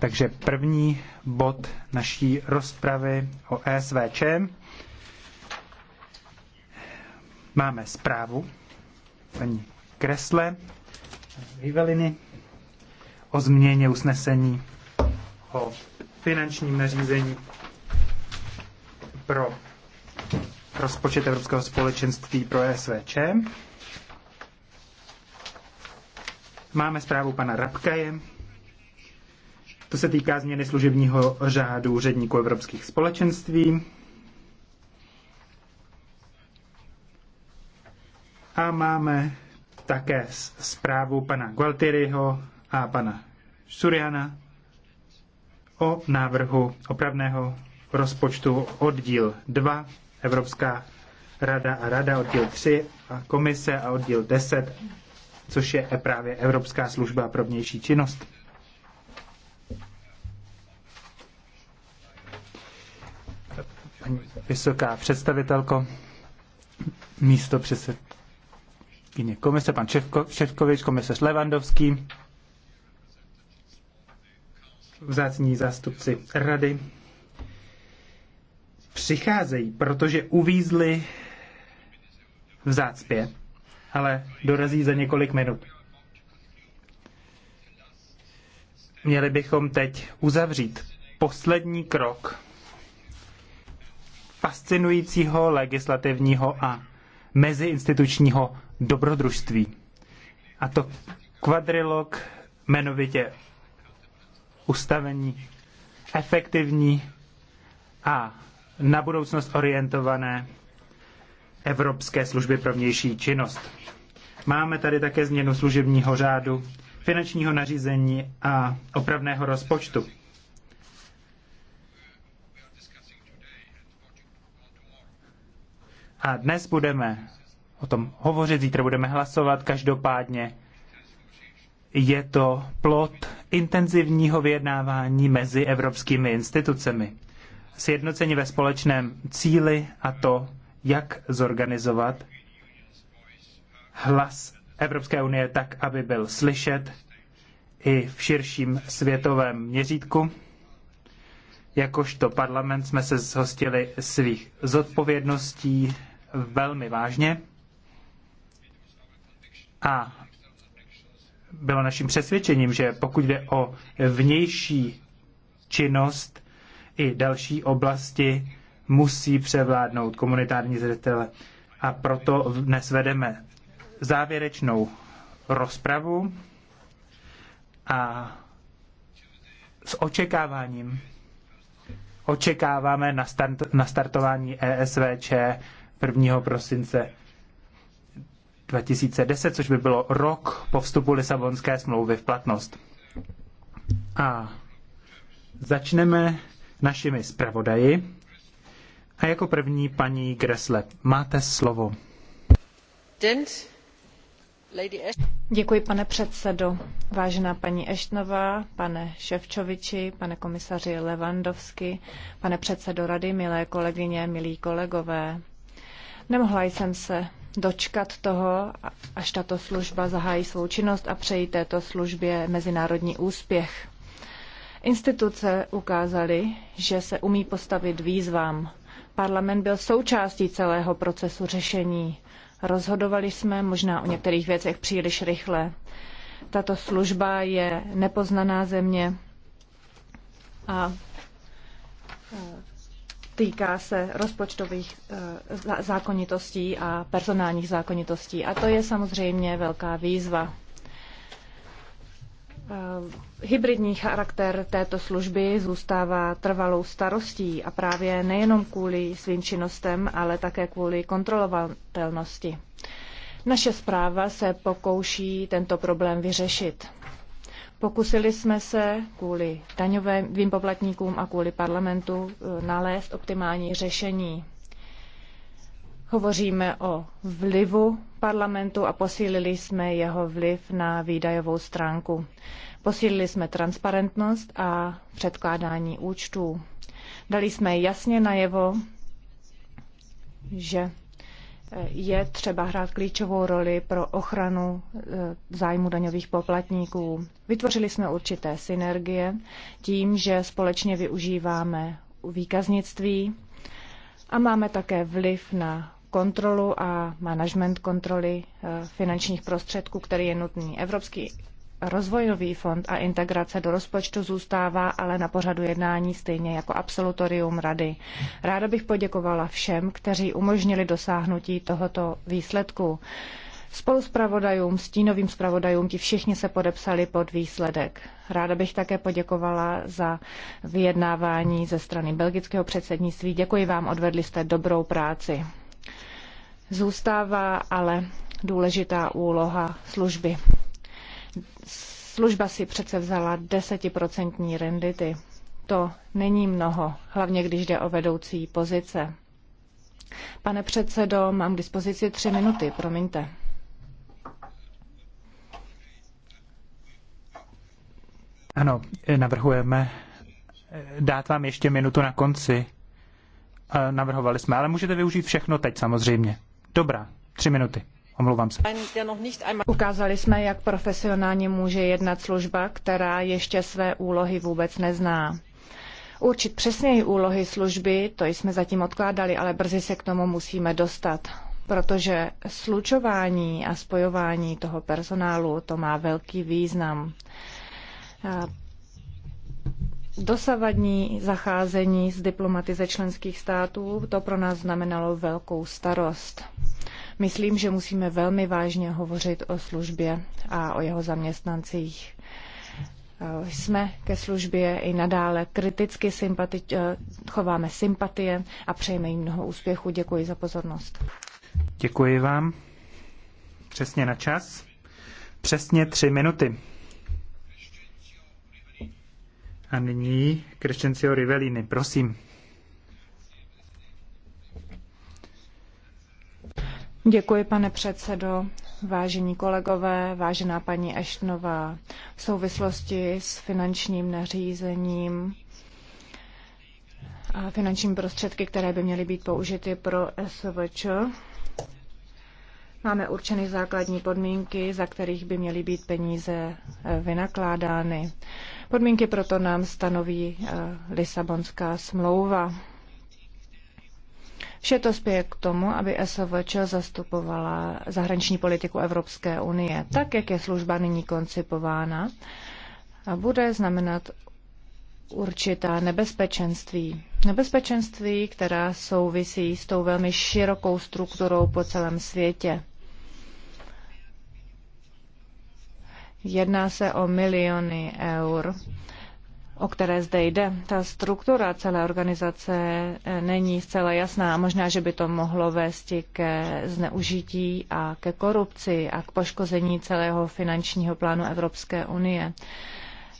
Takže první bod naší rozpravy o ESVČ. Máme zprávu paní Kresle Riveliny o změně usnesení o finančním nařízení pro rozpočet Evropského společenství pro ESVČ. Máme zprávu pana Rabkaje. To se týká změny služebního řádu úředníků evropských společenství. A máme také zprávu pana Gualtieriho a pana Suriana o návrhu opravného rozpočtu oddíl 2 Evropská rada a rada oddíl 3 a komise a oddíl 10 což je právě Evropská služba pro vnější činnost. vysoká představitelko, místo předsedkyně komise, pan Ševko, Ševkovič, komisař Levandovský, vzácní zástupci rady, přicházejí, protože uvízli v zácpě ale dorazí za několik minut. Měli bychom teď uzavřít poslední krok fascinujícího legislativního a meziinstitučního dobrodružství. A to kvadrilog jmenovitě ustavení efektivní a na budoucnost orientované Evropské služby pro vnější činnost. Máme tady také změnu služebního řádu, finančního nařízení a opravného rozpočtu. A dnes budeme o tom hovořit, zítra budeme hlasovat, každopádně je to plot intenzivního vyjednávání mezi evropskými institucemi. Sjednocení ve společném cíli a to jak zorganizovat hlas Evropské unie tak, aby byl slyšet i v širším světovém měřítku. Jakožto parlament jsme se zhostili svých zodpovědností velmi vážně a bylo naším přesvědčením, že pokud jde o vnější činnost i další oblasti, musí převládnout komunitární zřetele. A proto dnes vedeme závěrečnou rozpravu a s očekáváním očekáváme na, start, na startování ESVČ 1. prosince 2010, což by bylo rok po vstupu Lisabonské smlouvy v platnost. A začneme našimi zpravodaji. A jako první paní Gresle, máte slovo. Děkuji, pane předsedo. Vážená paní Eštnová, pane Ševčoviči, pane komisaři Levandovsky, pane předsedo rady, milé kolegyně, milí kolegové. Nemohla jsem se dočkat toho, až tato služba zahájí svou činnost a přeji této službě mezinárodní úspěch. Instituce ukázaly, že se umí postavit výzvám parlament byl součástí celého procesu řešení. Rozhodovali jsme možná o některých věcech příliš rychle. Tato služba je nepoznaná země a e, týká se rozpočtových e, zákonitostí a personálních zákonitostí. A to je samozřejmě velká výzva. Eh, hybridní charakter této služby zůstává trvalou starostí a právě nejenom kvůli svým činnostem, ale také kvůli kontrolovatelnosti. Naše zpráva se pokouší tento problém vyřešit. Pokusili jsme se kvůli daňovým poplatníkům a kvůli parlamentu eh, nalézt optimální řešení. Hovoříme o vlivu parlamentu a posílili jsme jeho vliv na výdajovou stránku. Posílili jsme transparentnost a předkládání účtů. Dali jsme jasně najevo, že eh, je třeba hrát klíčovou roli pro ochranu eh, zájmu daňových poplatníků. Vytvořili jsme určité synergie tím, že společně využíváme výkaznictví a máme také vliv na kontrolu a management kontroly eh, finančních prostředků, který je nutný. Evropský rozvojový fond a integrace do rozpočtu zůstává ale na pořadu jednání stejně jako absolutorium rady. Ráda bych poděkovala všem, kteří umožnili dosáhnutí tohoto výsledku. Spolu zpravodajům, stínovým zpravodajům, ti všichni se podepsali pod výsledek. Ráda bych také poděkovala za vyjednávání ze strany belgického předsednictví. Děkuji vám, odvedli jste dobrou práci. Zůstává ale důležitá úloha služby. Služba si přece vzala desetiprocentní rendity. To není mnoho, hlavně když jde o vedoucí pozice. Pane předsedo, mám k dispozici tři minuty, promiňte. Ano, navrhujeme dát vám ještě minutu na konci. Eh, navrhovali jsme, ale můžete využít všechno teď samozřejmě. Dobrá, tři minuty. Omlouvám se. Ukázali jsme, jak profesionálně může jednat služba, která ještě své úlohy vůbec nezná. Určit přesněji úlohy služby, to jsme zatím odkládali, ale brzy se k tomu musíme dostat protože slučování a spojování toho personálu to má velký význam. Dosavadní zacházení s diplomaty ze členských států to pro nás znamenalo velkou starost. Myslím, že musíme velmi vážně hovořit o službě a o jeho zaměstnancích. Eh, jsme ke službě i nadále kriticky sympati- eh, chováme sympatie a přejeme jim mnoho úspěchu. Děkuji za pozornost. Děkuji vám. Přesně na čas. Přesně tři minuty. A nyní Crescencio Rivellini, prosím. Děkuji, pane předsedo. Vážení kolegové, vážená paní Eštnová, v souvislosti s finančním nařízením a finančními prostředky, které by měly být použity pro SVČ, máme určeny základní podmínky, za kterých by měly být peníze eh, vynakládány. Podmínky proto nám stanoví eh, Lisabonská smlouva. Vše to spěje k tomu, aby SVČ zastupovala zahraniční politiku Evropské unie. Tak, jak je služba nyní koncipována, a bude znamenat určitá nebezpečenství. Nebezpečenství, která souvisí s tou velmi širokou strukturou po celém světě. Jedná se o miliony eur o které zde jde. Ta struktura celé organizace eh, není zcela jasná a možná, že by to mohlo vést ke zneužití a ke korupci a k poškození celého finančního plánu Evropské unie.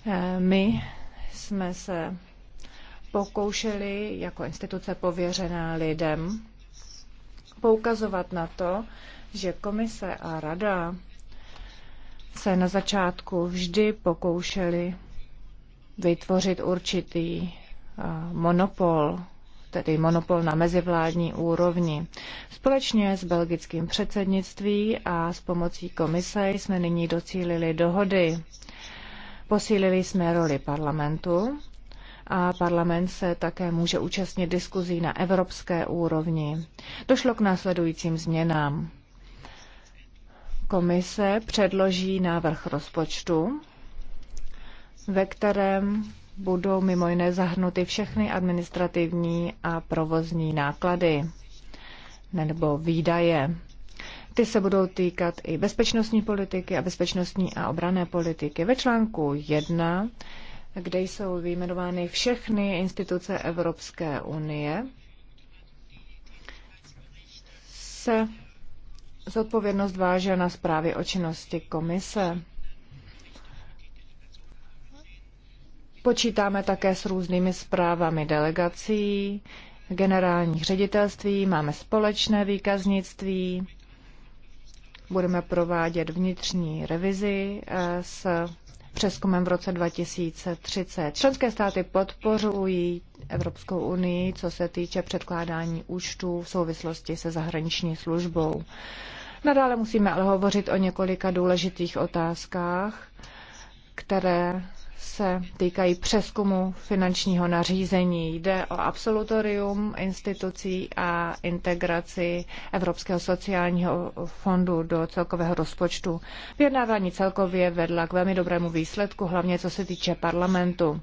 Eh, my jsme se pokoušeli jako instituce pověřená lidem poukazovat na to, že komise a rada se na začátku vždy pokoušeli vytvořit určitý eh, monopol, tedy monopol na mezivládní úrovni. Společně s belgickým předsednictví a s pomocí komise jsme nyní docílili dohody. Posílili jsme roli parlamentu a parlament se také může účastnit diskuzí na evropské úrovni. Došlo k následujícím změnám. Komise předloží návrh rozpočtu ve kterém budou mimo jiné zahrnuty všechny administrativní a provozní náklady nebo výdaje. Ty se budou týkat i bezpečnostní politiky a bezpečnostní a obrané politiky. Ve článku 1, kde jsou vyjmenovány všechny instituce Evropské unie, se zodpovědnost váže na zprávy o činnosti komise. Počítáme také s různými zprávami delegací, generálních ředitelství, máme společné výkaznictví, budeme provádět vnitřní revizi eh, s přeskumem v roce 2030. Členské státy podporují Evropskou unii, co se týče předkládání účtů v souvislosti se zahraniční službou. Nadále musíme ale hovořit o několika důležitých otázkách, které se týkají přeskumu finančního nařízení. Jde o absolutorium institucí a integraci Evropského sociálního fondu do celkového rozpočtu. Vyjednávání celkově vedla k velmi dobrému výsledku, hlavně co se týče parlamentu.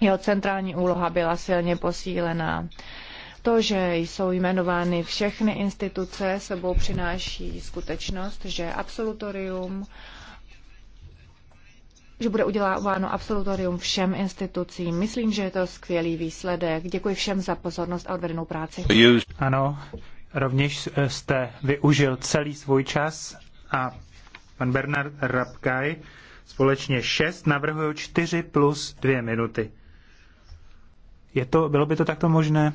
Jeho centrální úloha byla silně posílená. To, že jsou jmenovány všechny instituce, sebou přináší skutečnost, že absolutorium že bude uděláváno absolutorium všem institucím. Myslím, že je to skvělý výsledek. Děkuji všem za pozornost a odvedenou práci. Ano, rovněž eh, jste využil celý svůj čas a pan Bernard Rabkaj společně šest navrhují čtyři plus dvě minuty. Je to, bylo by to takto možné?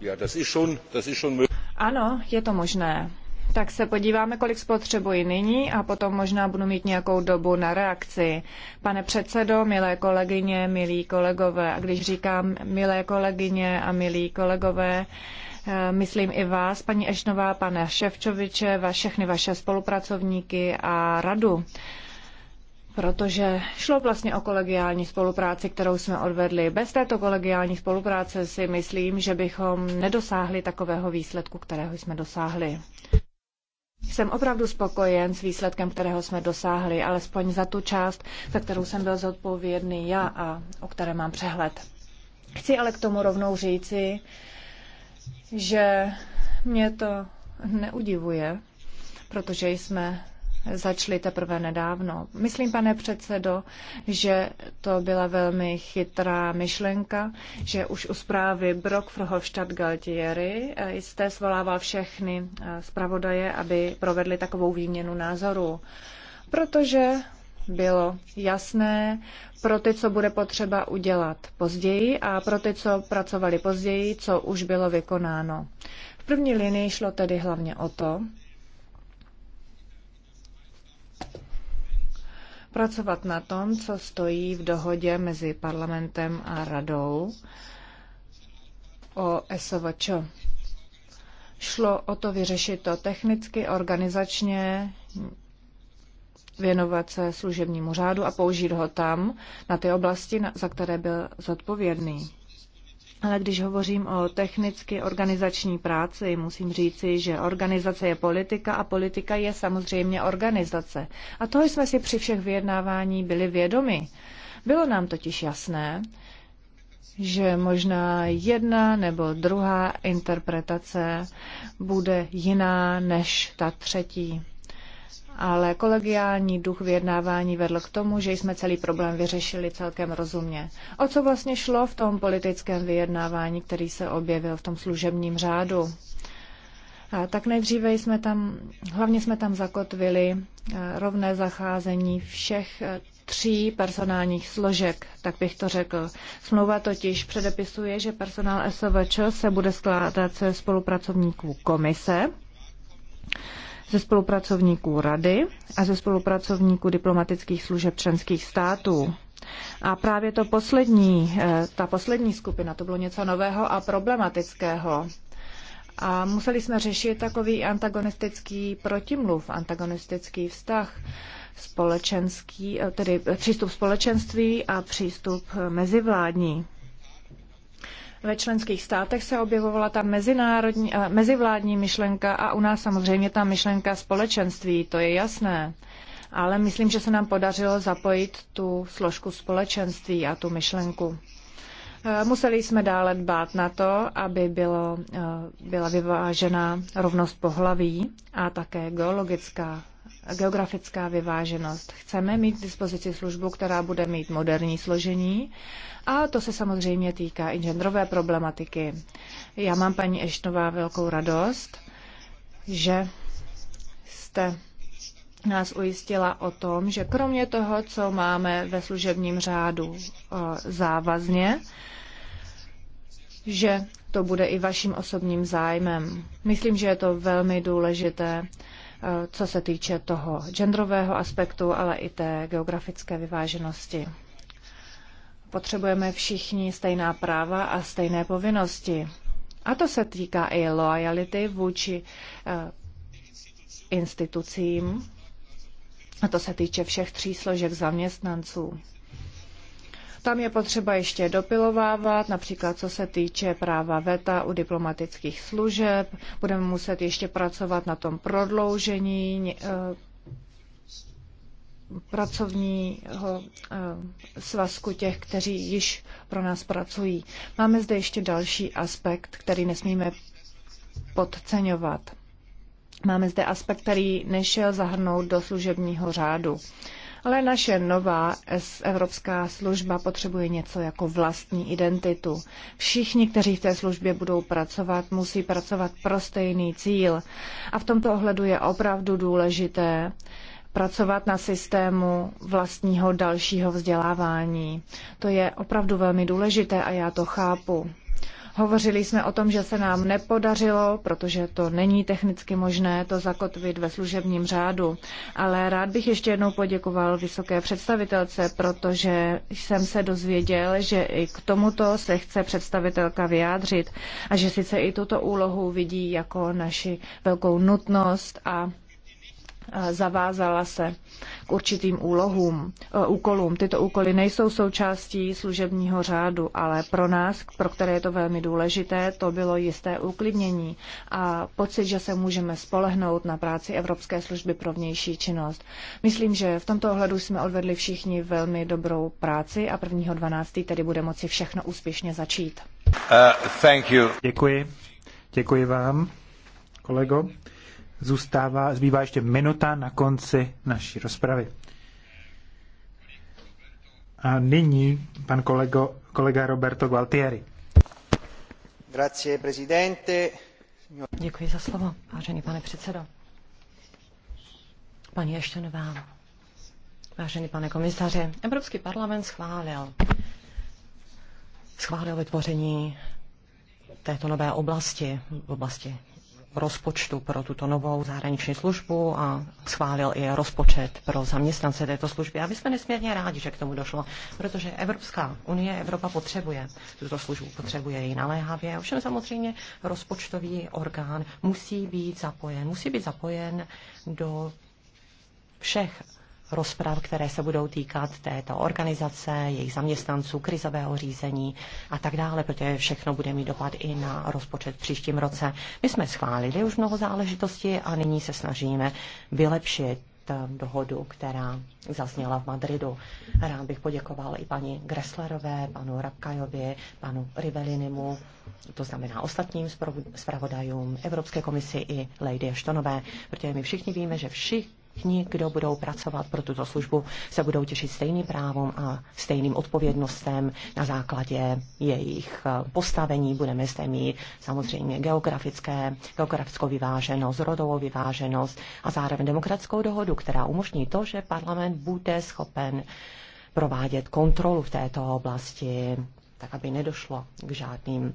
Ja, das ist schon, das ist schon ano, je to možné tak se podíváme, kolik spotřebuji nyní a potom možná budu mít nějakou dobu na reakci. Pane předsedo, milé kolegyně, milí kolegové, a když říkám milé kolegyně a milí kolegové, eh, myslím i vás, paní Ešnová, pane Ševčoviče, va, všechny vaše spolupracovníky a radu protože šlo vlastně o kolegiální spolupráci, kterou jsme odvedli. Bez této kolegiální spolupráce si myslím, že bychom nedosáhli takového výsledku, kterého jsme dosáhli. Jsem opravdu spokojen s výsledkem, kterého jsme dosáhli, alespoň za tu část, za kterou jsem byl zodpovědný já a o které mám přehled. Chci ale k tomu rovnou říci, že mě to neudivuje, protože jsme začaly teprve nedávno. Myslím, pane předsedo, že to byla velmi chytrá myšlenka, že už u zprávy Brock Frohofstadt Galtieri eh, jste svolával všechny eh, zpravodaje, aby provedli takovou výměnu názorů. Protože bylo jasné pro ty, co bude potřeba udělat později a pro ty, co pracovali později, co už bylo vykonáno. V první linii šlo tedy hlavně o to, pracovat na tom, co stojí v dohodě mezi parlamentem a radou o SOVČ. Šlo o to vyřešit to technicky, organizačně, věnovat se služebnímu řádu a použít ho tam, na ty oblasti, za které byl zodpovědný. Ale když hovořím o technicky organizační práci, musím říci, že organizace je politika a politika je samozřejmě organizace. A toho jsme si při všech vyjednávání byli vědomi. Bylo nám totiž jasné, že možná jedna nebo druhá interpretace bude jiná než ta třetí ale kolegiální duch vyjednávání vedl k tomu, že jsme celý problém vyřešili celkem rozumně. O co vlastně šlo v tom politickém vyjednávání, který se objevil v tom služebním řádu? A tak nejdříve jsme tam, hlavně jsme tam zakotvili eh, rovné zacházení všech eh, tří personálních složek, tak bych to řekl. Smlouva totiž předepisuje, že personál SOVČ se bude skládat ze spolupracovníků komise, ze spolupracovníků Rady a ze spolupracovníků diplomatických služeb členských států. A právě to poslední, eh, ta poslední skupina, to bylo něco nového a problematického. A museli jsme řešit takový antagonistický protimluv, antagonistický vztah, společenský, eh, tedy přístup společenství a přístup mezivládní ve členských státech se objevovala ta mezinárodní, eh, mezivládní myšlenka a u nás samozřejmě ta myšlenka společenství, to je jasné. Ale myslím, že se nám podařilo zapojit tu složku společenství a tu myšlenku. Eh, museli jsme dále dbát na to, aby bylo, eh, byla vyvážena rovnost pohlaví a také geologická geografická vyváženost. Chceme mít k dispozici službu, která bude mít moderní složení a to se samozřejmě týká i genderové problematiky. Já mám, paní Ešnová, velkou radost, že jste nás ujistila o tom, že kromě toho, co máme ve služebním řádu e, závazně, že to bude i vaším osobním zájmem. Myslím, že je to velmi důležité Eh, co se týče toho genderového aspektu, ale i té geografické vyváženosti. Potřebujeme všichni stejná práva a stejné povinnosti. A to se týká i loyalty vůči eh, institucím. A to se týče všech tří složek zaměstnanců. Tam je potřeba ještě dopilovávat, například co se týče práva VETA u diplomatických služeb. Budeme muset ještě pracovat na tom prodloužení eh, pracovního eh, svazku těch, kteří již pro nás pracují. Máme zde ještě další aspekt, který nesmíme podceňovat. Máme zde aspekt, který nešel zahrnout do služebního řádu ale naše nová evropská služba potřebuje něco jako vlastní identitu. Všichni, kteří v té službě budou pracovat, musí pracovat pro stejný cíl. A v tomto ohledu je opravdu důležité, pracovat na systému vlastního dalšího vzdělávání. To je opravdu velmi důležité a já to chápu. Hovořili jsme o tom, že se nám nepodařilo, protože to není technicky možné to zakotvit ve služebním řádu. Ale rád bych ještě jednou poděkoval vysoké představitelce, protože jsem se dozvěděl, že i k tomuto se chce představitelka vyjádřit a že sice i tuto úlohu vidí jako naši velkou nutnost a zavázala se k určitým úlohům, e, úkolům. Tyto úkoly nejsou součástí služebního řádu, ale pro nás, pro které je to velmi důležité, to bylo jisté uklidnění a pocit, že se můžeme spolehnout na práci Evropské služby pro vnější činnost. Myslím, že v tomto ohledu jsme odvedli všichni velmi dobrou práci a 1.12. tedy bude moci všechno úspěšně začít. Uh, thank you. Děkuji. Děkuji vám, kolego. Zůstává, zbývá ještě minuta na konci naší rozpravy. A nyní pan kolego, kolega Roberto Gualtieri. Grazie, presidente. Děkuji za slovo, vážený pane předsedo. Paní Eštenová, vážený pane komisaře. Evropský parlament schválil schválil vytvoření této nové oblasti, v oblasti rozpočtu pro tuto novou zahraniční službu a schválil i rozpočet pro zaměstnance této služby. A my jsme nesmírně rádi, že k tomu došlo, protože Evropská unie, Evropa potřebuje tuto službu, potřebuje ji naléhavě. Ovšem samozřejmě rozpočtový orgán musí být zapojen, musí být zapojen do všech rozprav, které se budou týkat této organizace, jejich zaměstnanců, krizového řízení a tak dále, protože všechno bude mít dopad i na rozpočet v příštím roce. My jsme schválili už mnoho záležitostí a nyní se snažíme vylepšit eh, dohodu, která zazněla v Madridu. Rád bych poděkoval i paní Gresslerové, panu Rabkajovi, panu Rivelinimu, to znamená ostatním zpravodajům, Evropské komisi i Lady Štonové, protože my všichni víme, že všich, všichni, kdo budou pracovat pro tuto službu, se budou těšit stejným právům a stejným odpovědnostem na základě jejich eh, postavení. Budeme zde mít samozřejmě geografické, geografickou vyváženost, rodovou vyváženost a zároveň demokratickou dohodu, která umožní to, že parlament bude schopen provádět kontrolu v této oblasti, tak aby nedošlo k žádným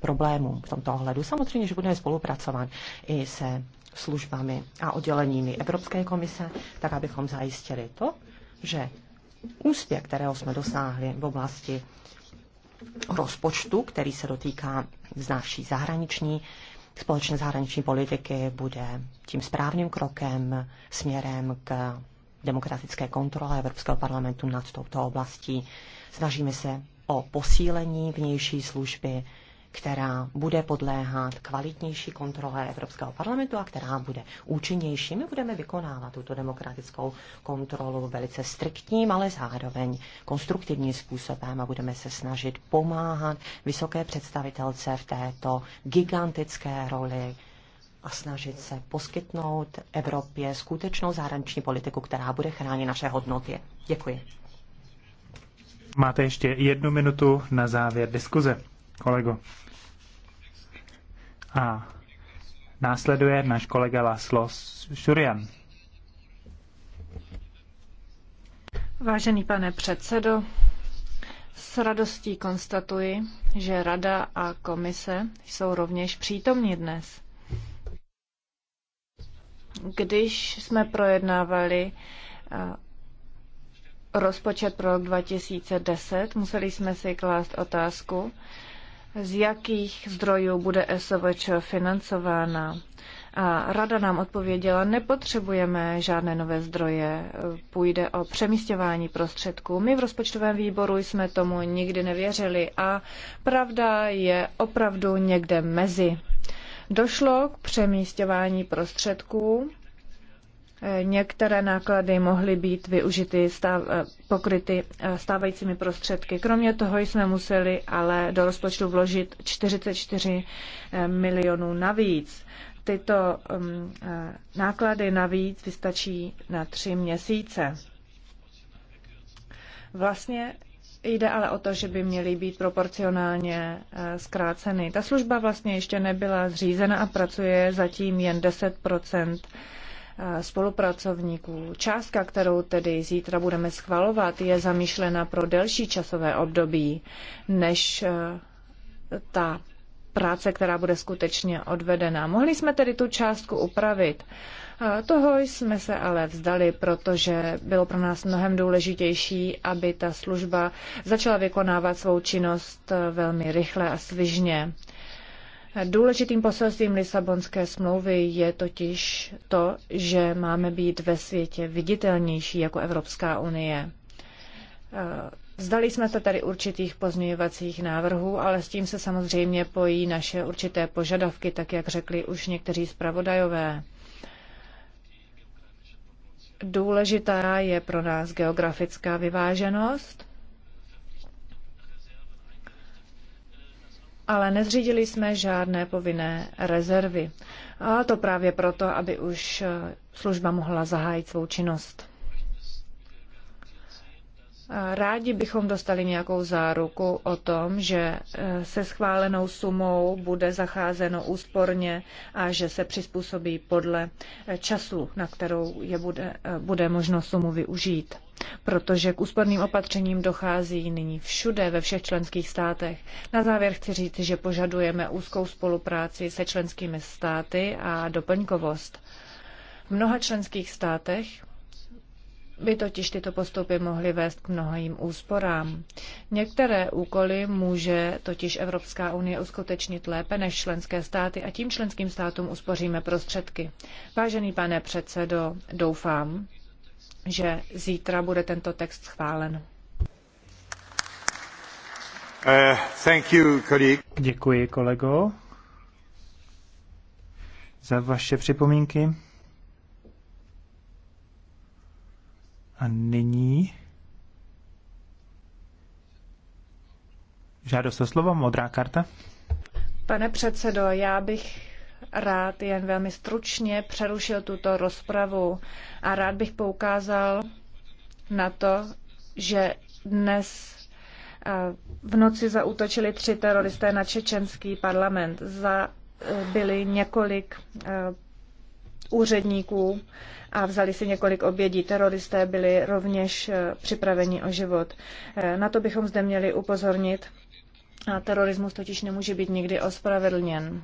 problémům v tomto ohledu. Samozřejmě, že budeme spolupracovat i se službami a odděleními Evropské komise, tak abychom zajistili to, že úspěch, kterého jsme dosáhli v oblasti rozpočtu, který se dotýká z naší zahraniční, společné zahraniční politiky, bude tím správným krokem směrem k demokratické kontrole Evropského parlamentu nad touto oblastí. Snažíme se o posílení vnější služby která bude podléhat kvalitnější kontrole Evropského parlamentu a která bude účinnější. My budeme vykonávat tuto demokratickou kontrolu velice striktním, ale zároveň konstruktivním způsobem a budeme se snažit pomáhat vysoké představitelce v této gigantické roli a snažit se poskytnout Evropě skutečnou zahraniční politiku, která bude chránit naše hodnoty. Děkuji. Máte ještě jednu minutu na závěr diskuze kolego. A následuje náš kolega Laslo Šurian. Vážený pane předsedo, s radostí konstatuji, že Rada a Komise jsou rovněž přítomní dnes. Když jsme projednávali eh, rozpočet pro rok 2010, museli jsme si klást otázku, z jakých zdrojů bude SVČ financována. A rada nám odpověděla, nepotřebujeme žádné nové zdroje, půjde o přemístěvání prostředků. My v rozpočtovém výboru jsme tomu nikdy nevěřili a pravda je opravdu někde mezi. Došlo k přemístěvání prostředků Některé náklady mohly být využity, stav, eh, pokryty eh, stávajícími prostředky. Kromě toho jsme museli ale do rozpočtu vložit 44 eh, milionů navíc. Tyto mm, náklady navíc vystačí na tři měsíce. Vlastně Jde ale o to, že by měly být proporcionálně zkráceny. Ta služba vlastně ještě nebyla zřízena a pracuje zatím jen 10 spolupracovníků. Částka, kterou tedy zítra budeme schvalovat, je zamýšlena pro delší časové období než eh, ta práce, která bude skutečně odvedena. Mohli jsme tedy tu částku upravit. toho jsme se ale vzdali, protože bylo pro nás mnohem důležitější, aby ta služba začala vykonávat svou činnost eh, velmi rychle a svižně. Důležitým poselstvím Lisabonské smlouvy je totiž to, že máme být ve světě viditelnější jako Evropská unie. Vzdali eh, jsme se tady určitých pozměňovacích návrhů, ale s tím se samozřejmě pojí naše určité požadavky, tak jak řekli už někteří zpravodajové. Důležitá je pro nás geografická vyváženost ale nezřídili jsme žádné povinné rezervy. A to právě proto, aby už eh, služba mohla zahájit svou činnost. Rádi bychom dostali nějakou záruku o tom, že e, se schválenou sumou bude zacházeno úsporně a že se přizpůsobí podle e, času, na kterou je bude, e, bude možno sumu využít. Protože k úsporným opatřením dochází nyní všude, ve všech členských státech. Na závěr chci říct, že požadujeme úzkou spolupráci se členskými státy a doplňkovost. V mnoha členských státech by totiž tyto postupy mohly vést k mnohým úsporám. Některé úkoly může totiž Evropská unie uskutečnit lépe než členské státy a tím členským státům uspoříme prostředky. Vážený pane předsedo, doufám, že zítra bude tento text schválen. Uh, thank you, Děkuji, kolego, za vaše připomínky. A nyní žádost o slovo, modrá karta. Pane předsedo, já bych rád jen velmi stručně přerušil tuto rozpravu a rád bych poukázal na to, že dnes eh, v noci zautočili tři teroristé na čečenský parlament. Zabili eh, několik eh, úředníků a vzali si několik obědí. Teroristé byli rovněž eh, připraveni o život. Eh, na to bychom zde měli upozornit. A terorismus totiž nemůže být nikdy ospravedlněn.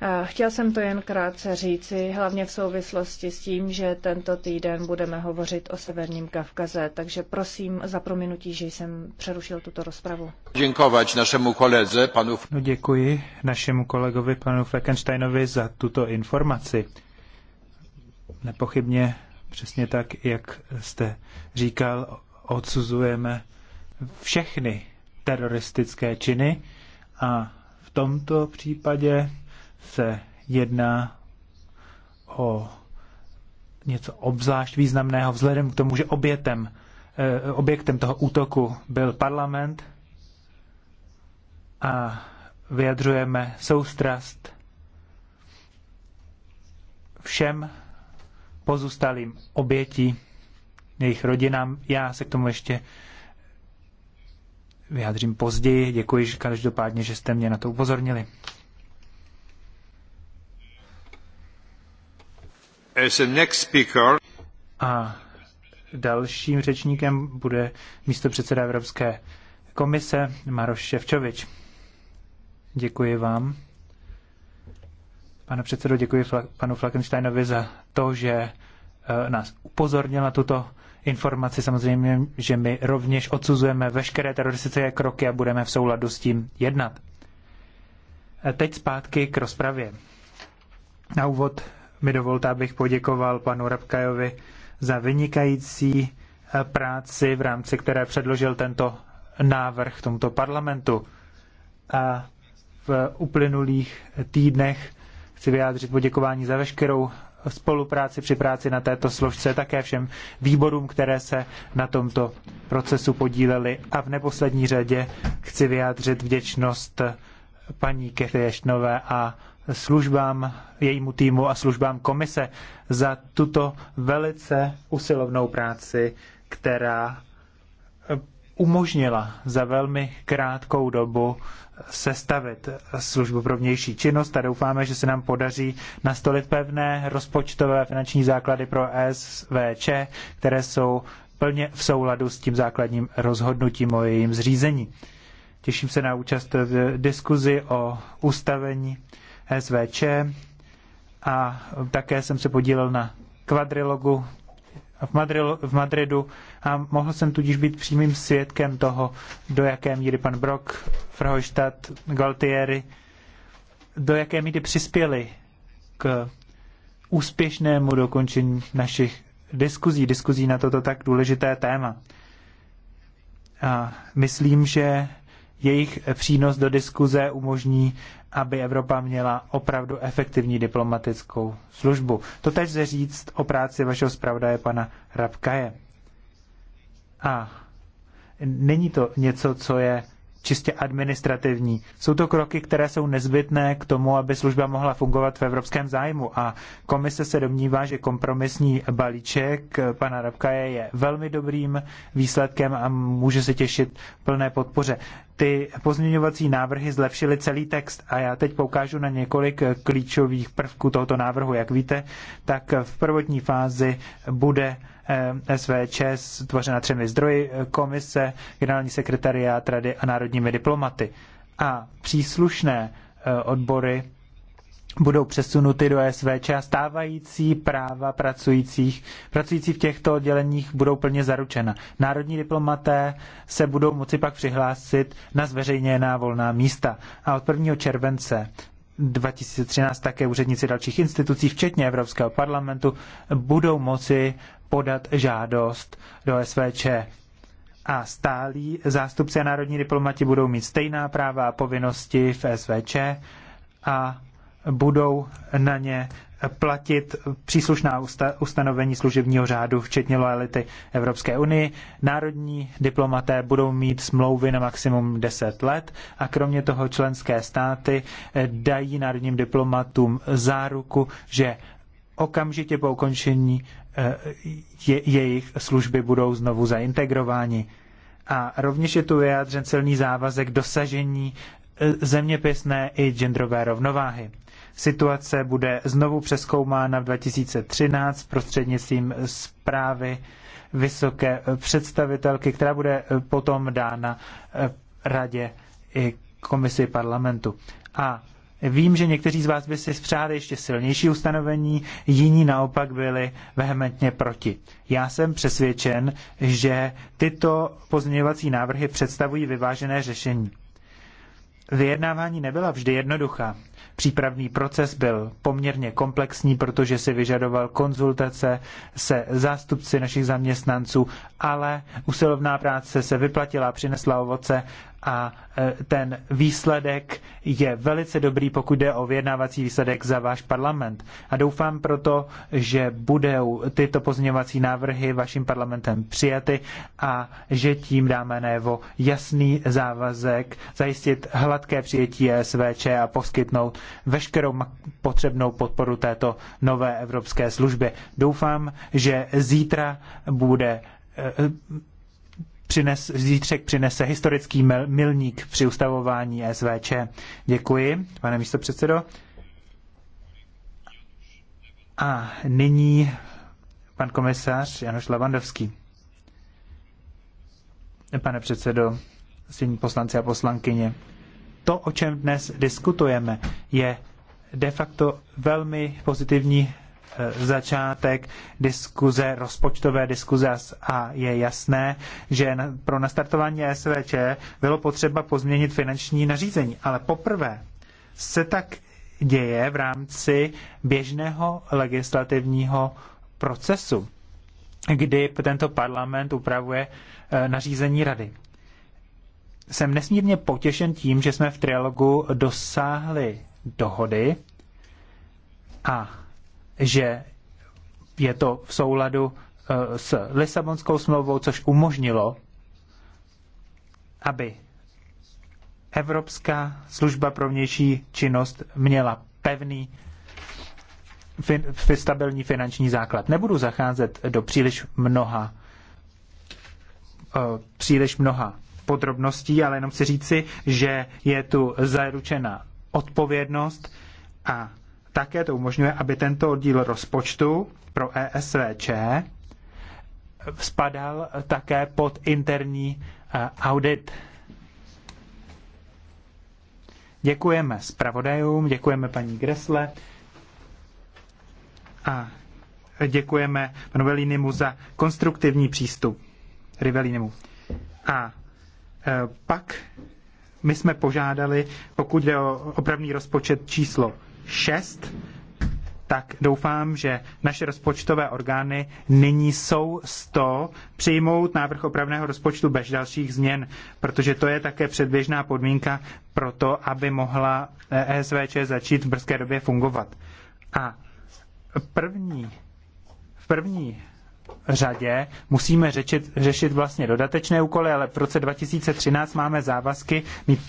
Eh, chtěl jsem to jen krátce říci, hlavně v souvislosti s tím, že tento týden budeme hovořit o Severním Kavkaze, takže prosím za prominutí, že jsem přerušil tuto rozpravu. Děkovat našemu koledze, panu... No děkuji našemu kolegovi panu Fleckensteinovi za tuto informaci. Nepochybně přesně tak, jak jste říkal, odsuzujeme všechny teroristické činy a v tomto případě se jedná o něco obzvlášť významného vzhledem k tomu, že obětem, eh, objektem toho útoku byl parlament a vyjadřujeme soustrast všem pozůstalým obětí, jejich rodinám. Já se k tomu ještě vyjádřím později. Děkuji že každopádně, že jste mě na to upozornili. As a, next speaker. a dalším řečníkem bude místo předseda Evropské komise Maroš Ševčovič. Děkuji vám. Pane předsedo, děkuji panu Flakensteinovi za to, že e, nás upozornil na tuto informaci. Samozřejmě, že my rovněž odsuzujeme veškeré teroristické kroky a budeme v souladu s tím jednat. E, teď zpátky k rozpravě. Na úvod mi dovolte, abych poděkoval panu Rabkajovi za vynikající e, práci, v rámci které předložil tento návrh tomuto parlamentu. A v uplynulých týdnech chci vyjádřit poděkování za veškerou spolupráci při práci na této složce, také všem výborům, které se na tomto procesu podíleli. A v neposlední řadě chci vyjádřit vděčnost paní Keřešnové a službám, jejímu týmu a službám komise za tuto velice usilovnou práci, která umožnila za velmi krátkou dobu sestavit službu pro vnější činnost a doufáme, že se nám podaří nastolit pevné rozpočtové finanční základy pro SVČ, které jsou plně v souladu s tím základním rozhodnutím o jejím zřízení. Těším se na účast v diskuzi o ustavení SVČ a také jsem se podílel na kvadrilogu v, Madrilu, v Madridu a mohl jsem tudíž být přímým svědkem toho, do jaké míry pan Brock, Frahojstadt, Galtieri, do jaké míry přispěli k úspěšnému dokončení našich diskuzí, diskuzí na toto tak důležité téma. A myslím, že jejich přínos do diskuze umožní aby Evropa měla opravdu efektivní diplomatickou službu. To teď se říct o práci vašeho zpravodaje pana Rabkaje. A není to něco, co je čistě administrativní. Jsou to kroky, které jsou nezbytné k tomu, aby služba mohla fungovat v evropském zájmu a komise se domnívá, že kompromisní balíček pana Rabkaje je velmi dobrým výsledkem a může se těšit plné podpoře. Ty pozměňovací návrhy zlepšily celý text a já teď poukážu na několik klíčových prvků tohoto návrhu. Jak víte, tak v prvotní fázi bude Eh, SVČ tvořena třemi zdroji, komise, generální sekretariát rady a národními diplomaty. A příslušné eh, odbory budou přesunuty do SVČ a stávající práva pracujících, pracující v těchto odděleních budou plně zaručena. Národní diplomaté se budou moci pak přihlásit na zveřejněná volná místa. A od 1. července 2013 také úředníci dalších institucí, včetně Evropského parlamentu, budou moci podat žádost do SVČ a stálí zástupci a národní diplomati budou mít stejná práva a povinnosti v SVČ a budou na ně platit příslušná ustanovení služebního řádu, včetně lojality Evropské unii. Národní diplomaté budou mít smlouvy na maximum 10 let a kromě toho členské státy dají národním diplomatům záruku, že okamžitě po ukončení Eh, je, jejich služby budou znovu zaintegrováni. A rovněž je tu vyjádřen silný závazek dosažení eh, zeměpisné i genderové rovnováhy. Situace bude znovu přeskoumána v 2013 prostřednictvím zprávy vysoké eh, představitelky, která bude potom dána radě i komisi parlamentu. A Vím, že někteří z vás by si spřáli ještě silnější ustanovení, jiní naopak byli vehementně proti. Já jsem přesvědčen, že tyto pozměňovací návrhy představují vyvážené řešení. Vyjednávání nebyla vždy jednoduchá. Přípravný proces byl poměrně komplexní, protože si vyžadoval konzultace se zástupci našich zaměstnanců, ale usilovná práce se vyplatila, přinesla ovoce a e, ten výsledek je velice dobrý, pokud jde o vyjednávací výsledek za váš parlament. A doufám proto, že budou tyto pozměňovací návrhy vaším parlamentem přijaty a že tím dáme najevo jasný závazek zajistit hladké přijetí SVČ a poskytnout veškerou potřebnou podporu této nové evropské služby. Doufám, že zítra bude eh, přines, zítřek přinese historický milník při ustavování SVČ. Děkuji, pane místo předsedo. A nyní pan komisař Janoš Lavandovský. Pane předsedo, syn poslanci a poslankyně, to, o čem dnes diskutujeme, je de facto velmi pozitivní začátek diskuze, rozpočtové diskuze a je jasné, že pro nastartování SVČ bylo potřeba pozměnit finanční nařízení. Ale poprvé se tak děje v rámci běžného legislativního procesu, kdy tento parlament upravuje e, nařízení rady. Jsem nesmírně potěšen tím, že jsme v trialogu dosáhli dohody a že je to v souladu eh, s Lisabonskou smlouvou, což umožnilo, aby Evropská služba pro vnější činnost měla pevný fin, stabilní finanční základ. Nebudu zacházet do příliš mnoha eh, příliš mnoha podrobností, ale jenom si říci, že je tu zaručena odpovědnost a také to umožňuje, aby tento oddíl rozpočtu pro ESVČ spadal také pod interní eh, audit. Děkujeme zpravodajům, děkujeme paní Gresle a děkujeme panu Velinimu za konstruktivní přístup. Rivelinimu. A eh, pak my jsme požádali, pokud jde o opravný rozpočet číslo 6, tak doufám, že naše rozpočtové orgány nyní jsou z to přijmout návrh opravného rozpočtu bez dalších změn, protože to je také předběžná podmínka pro to, aby mohla ESVČ začít v brzké době fungovat. A první, v první řadě musíme řečit, řešit vlastně dodatečné úkoly, ale v roce 2013 máme závazky mít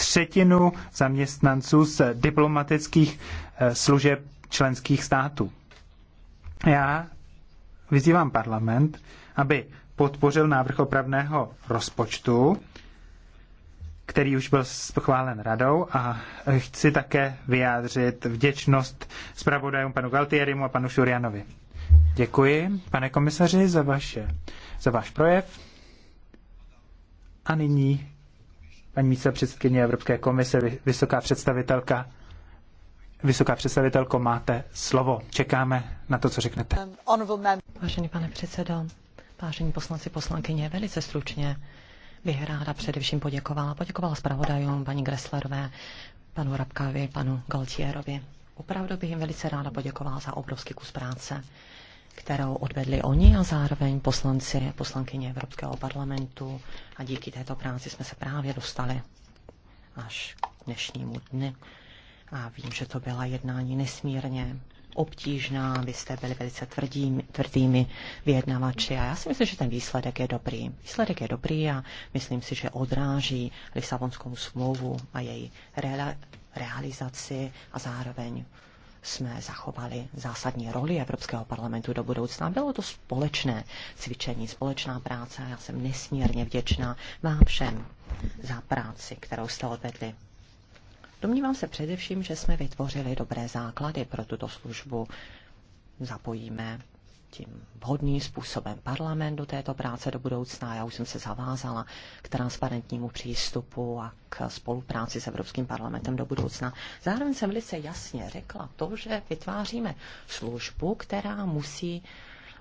třetinu zaměstnanců z diplomatických eh, služeb členských států. Já vyzývám parlament, aby podpořil návrh opravného rozpočtu, který už byl schválen radou a chci také vyjádřit vděčnost zpravodajům panu Galtierimu a panu Šurianovi. Děkuji, pane komisaři, za, vaše, za váš projev. A nyní paní místo předsedkyně Evropské komise, vysoká představitelka. Vysoká představitelko, máte slovo. Čekáme na to, co řeknete. Vážený pane předsedo, vážení poslanci, poslankyně, velice stručně bych ráda především poděkovala. Poděkovala zpravodajům, paní Gresslerové, panu Rabkavi, panu Galtierovi. Opravdu bych jim velice ráda poděkovala za obrovský kus práce, kterou odvedli oni a zároveň poslanci a poslankyně Evropského parlamentu. A díky této práci jsme se právě dostali až k dnešnímu dny. A vím, že to byla jednání nesmírně obtížná, vy jste byli velice tvrdými, tvrdými vyjednavači a já si myslím, že ten výsledek je dobrý. Výsledek je dobrý a myslím si, že odráží Lisabonskou smlouvu a její re- realizaci a zároveň jsme zachovali zásadní roli Evropského parlamentu do budoucna. Bylo to společné cvičení, společná práce a já jsem nesmírně vděčná vám všem za práci, kterou jste odvedli. Domnívám se především, že jsme vytvořili dobré základy pro tuto službu. Zapojíme tím vhodným způsobem parlament do této práce do budoucna. Já už jsem se zavázala k transparentnímu přístupu a k spolupráci s Evropským parlamentem do budoucna. Zároveň jsem velice jasně řekla to, že vytváříme službu, která musí uh,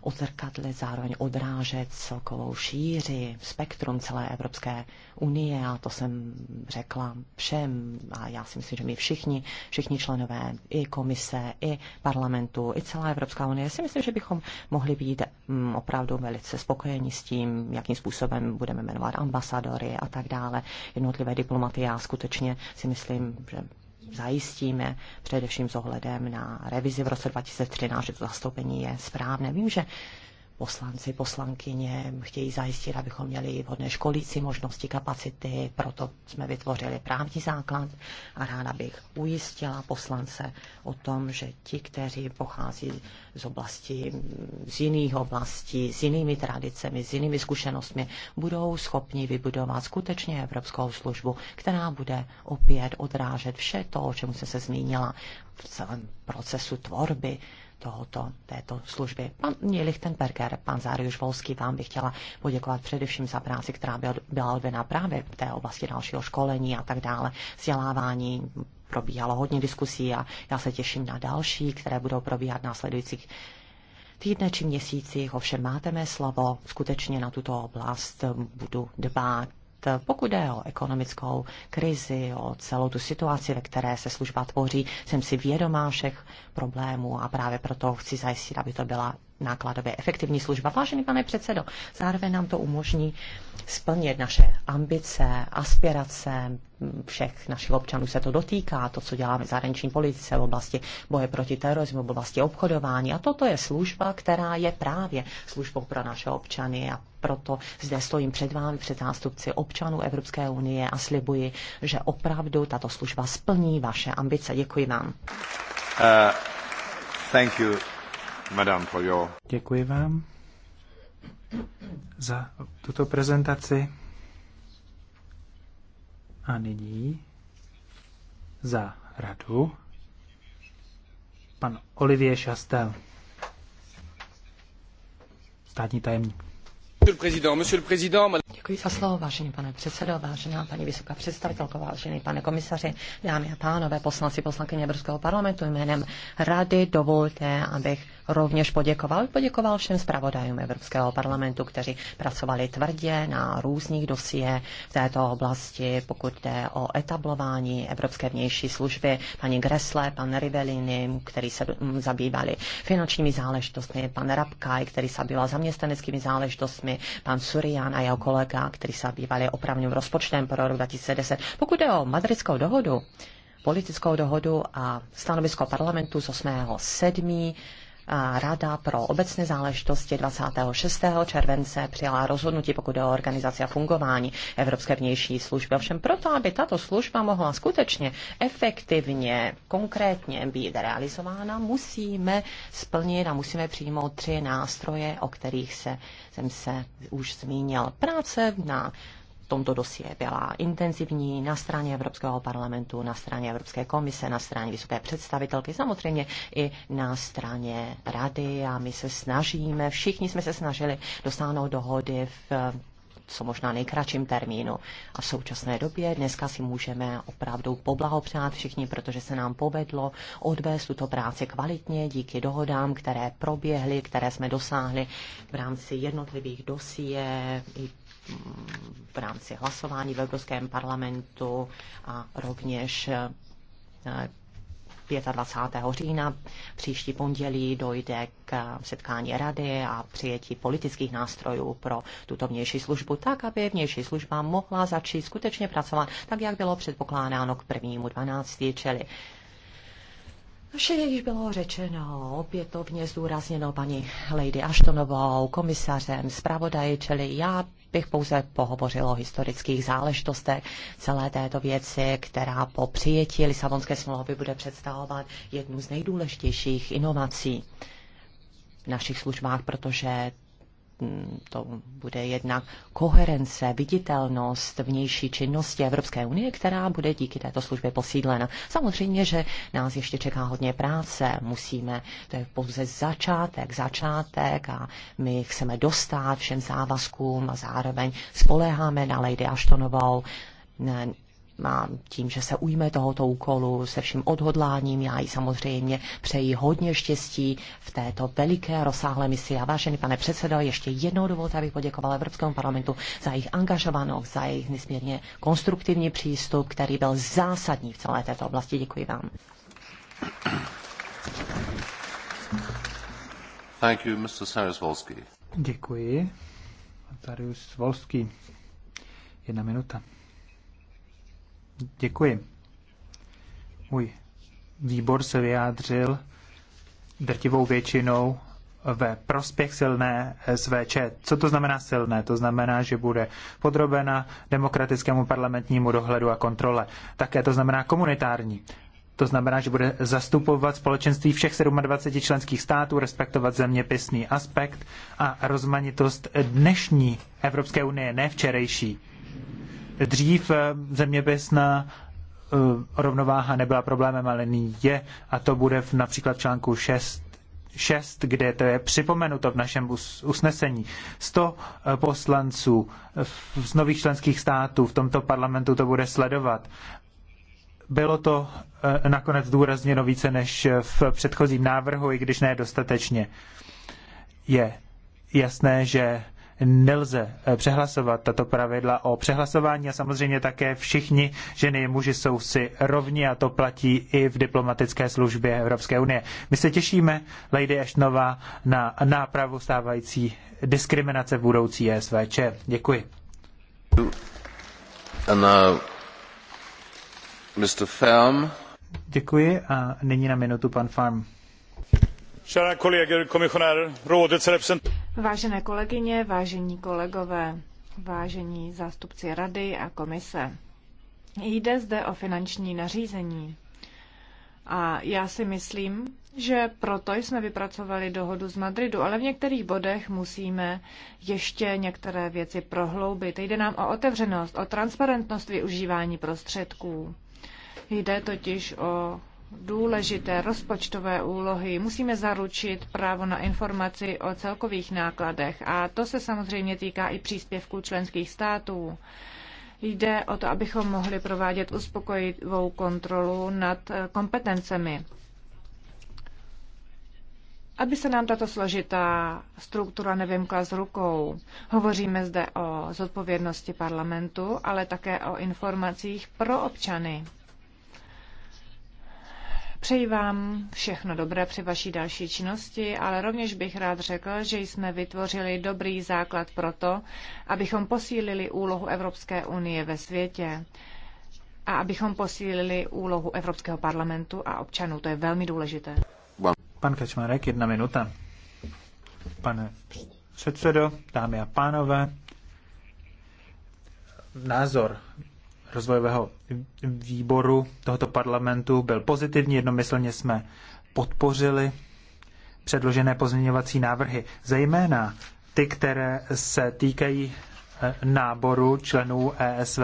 odzrkadlit, zároveň odrážet celkovou šíři, spektrum celé Evropské unie a to jsem řekla všem a já si myslím, že my všichni, všichni členové i komise, i parlamentu, i celá Evropská unie si myslím, že bychom mohli být mm, opravdu velice spokojeni s tím, jakým způsobem budeme jmenovat ambasadory a tak dále, jednotlivé diplomaty. Já skutečně si myslím, že zajistíme, především s ohledem na revizi v roce 2013, že to zastoupení je správné. Vím, že poslanci, poslankyně chtějí zajistit, abychom měli vhodné školící možnosti, kapacity, proto jsme vytvořili právní základ a ráda bych ujistila poslance o tom, že ti, kteří pochází z oblasti, z jiných oblastí, s jinými tradicemi, s jinými zkušenostmi, budou schopni vybudovat skutečně evropskou službu, která bude opět odrážet vše to, o čemu jsem se zmínila v celém procesu tvorby tohoto, této služby. Pan Lichtenberger, pan Záriuš Volský, vám bych chtěla poděkovat především za práci, která byla odvedena právě v té oblasti dalšího školení a tak dále, vzdělávání, probíhalo hodně diskusí a já se těším na další, které budou probíhat následujících týdne či měsících. Ovšem máte mé slovo, skutečně na tuto oblast budu dbát pokud jde o ekonomickou krizi, o celou tu situaci, ve které se služba tvoří, jsem si vědomá všech problémů a právě proto chci zajistit, aby to byla nákladově efektivní služba. Vážený pane předsedo, zároveň nám to umožní splnit naše ambice, aspirace všech našich občanů se to dotýká, to, co děláme v zahraniční politice v oblasti boje proti terorismu, v oblasti obchodování. A toto je služba, která je právě službou pro naše občany a proto zde stojím před vámi, před zástupci občanů Evropské unie a slibuji, že opravdu tato služba splní vaše ambice. Děkuji vám. Uh, thank you madam, for Děkuji vám za tuto prezentaci. A nyní za radu pan Olivier Chastel, státní tajemník. Děkuji za slovo, vážený pane předsedo, vážená paní vysoká představitelko, vážený pane komisaři, dámy a pánové, poslanci, poslankyně Evropského parlamentu, jménem Rady dovolte, abych rovněž poděkoval. Poděkoval všem zpravodajům Evropského parlamentu, kteří pracovali tvrdě na různých dosie v této oblasti, pokud jde o etablování Evropské vnější služby, paní Gresle, pan Rivelini, který se zabývali finančními záležitostmi, pan Rabkaj, který se zabýval zaměstnaneckými záležitostmi, pan Surian a jeho kolega, který se zabývali opravným rozpočtem pro rok 2010. Pokud jde o madridskou dohodu, politickou dohodu a stanovisko parlamentu z 7. Rada pro obecné záležitosti 26. července přijala rozhodnutí, pokud je o organizaci a fungování Evropské vnější služby. Ovšem proto, aby tato služba mohla skutečně efektivně, konkrétně být realizována, musíme splnit a musíme přijmout tři nástroje, o kterých se, jsem se už zmínil. Práce na tomto dosie byla intenzivní na straně Evropského parlamentu, na straně Evropské komise, na straně vysoké představitelky, samozřejmě i na straně rady a my se snažíme, všichni jsme se snažili dosáhnout dohody v co možná nejkračším termínu. A v současné době dneska si můžeme opravdu poblahopřát všichni, protože se nám povedlo odvést tuto práci kvalitně díky dohodám, které proběhly, které jsme dosáhli v rámci jednotlivých dosie i v rámci hlasování v Evropském parlamentu a rovněž 25. Eh, října příští pondělí dojde k setkání rady a přijetí politických nástrojů pro tuto vnější službu, tak aby vnější služba mohla začít skutečně pracovat tak, jak bylo předpokládáno k prvnímu 12. čeli Vše již bylo řečeno, opětovně zdůrazněno paní Lady Ashtonovou, komisařem, zpravodaji, čili já bych pouze pohovořil o historických záležitostech celé této věci, která po přijetí Lisabonské smlouvy bude představovat jednu z nejdůležitějších inovací v našich službách, protože Mm, to bude jednak koherence, viditelnost vnější činnosti Evropské unie, která bude díky této službě posídlena. Samozřejmě, že nás ještě čeká hodně práce, musíme, to je pouze začátek, začátek a my chceme dostat všem závazkům a zároveň spoleháme na Lady Ashtonovou, a tím, že se ujme tohoto úkolu se vším odhodláním. Já jí samozřejmě přeji hodně štěstí v této veliké rozsáhlé misi. A vážený pane předsedo, ještě jednou dovolte, abych poděkoval Evropskému parlamentu za jejich angažovanost, za jejich nesmírně konstruktivní přístup, který byl zásadní v celé této oblasti. Děkuji vám. Thank you, Mr. Saris-Volsky. Děkuji. Darius Volsky. Jedna minuta. Děkuji. Můj výbor se vyjádřil drtivou většinou ve prospěch silné SVČ. Co to znamená silné? To znamená, že bude podrobena demokratickému parlamentnímu dohledu a kontrole. Také to znamená komunitární. To znamená, že bude zastupovat společenství všech 27 členských států, respektovat zeměpisný aspekt a rozmanitost dnešní Evropské unie, ne včerejší. Dřív eh, zeměpisná eh, rovnováha nebyla problémem, ale nyní je a to bude v například článku 6 6, kde to je připomenuto v našem usnesení. 100 eh, poslanců z nových členských států v tomto parlamentu to bude sledovat. Bylo to nakonec důrazněno více než v předchozím návrhu, i když ne dostatečně. Je jasné, že nelze eh, přehlasovat tato pravidla o přehlasování a samozřejmě také všichni ženy i muži jsou si rovni a to platí i v diplomatické službě Evropské unie. My se těšíme, Lady Ashtonová, na nápravu stávající diskriminace v budoucí ESVČ. Děkuji. And, uh, Mr. Farm. Děkuji a nyní na minutu pan Farm. Vážené kolegyně, vážení kolegové, vážení zástupci Rady a komise. Jde zde o finanční nařízení. A já si myslím, že proto jsme vypracovali dohodu z Madridu, ale v některých bodech musíme ještě některé věci prohloubit. Jde nám o otevřenost, o transparentnost využívání prostředků. Jde totiž o důležité rozpočtové úlohy, musíme zaručit právo na informaci o celkových nákladech a to se samozřejmě týká i příspěvků členských států. Jde o to, abychom mohli provádět uspokojivou kontrolu nad eh, kompetencemi. Aby se nám tato složitá struktura nevymkla z rukou, hovoříme zde o zodpovědnosti parlamentu, ale také o informacích pro občany. Přeji vám všechno dobré při vaší další činnosti, ale rovněž bych rád řekl, že jsme vytvořili dobrý základ pro to, abychom posílili úlohu Evropské unie ve světě a abychom posílili úlohu Evropského parlamentu a občanů. To je velmi důležité. Pan Kačmarek, jedna minuta. Pane předsedo, dámy a pánové, názor rozvojového výboru tohoto parlamentu byl pozitivní. Jednomyslně jsme podpořili předložené pozměňovací návrhy, zejména ty, které se týkají eh, náboru členů ESV,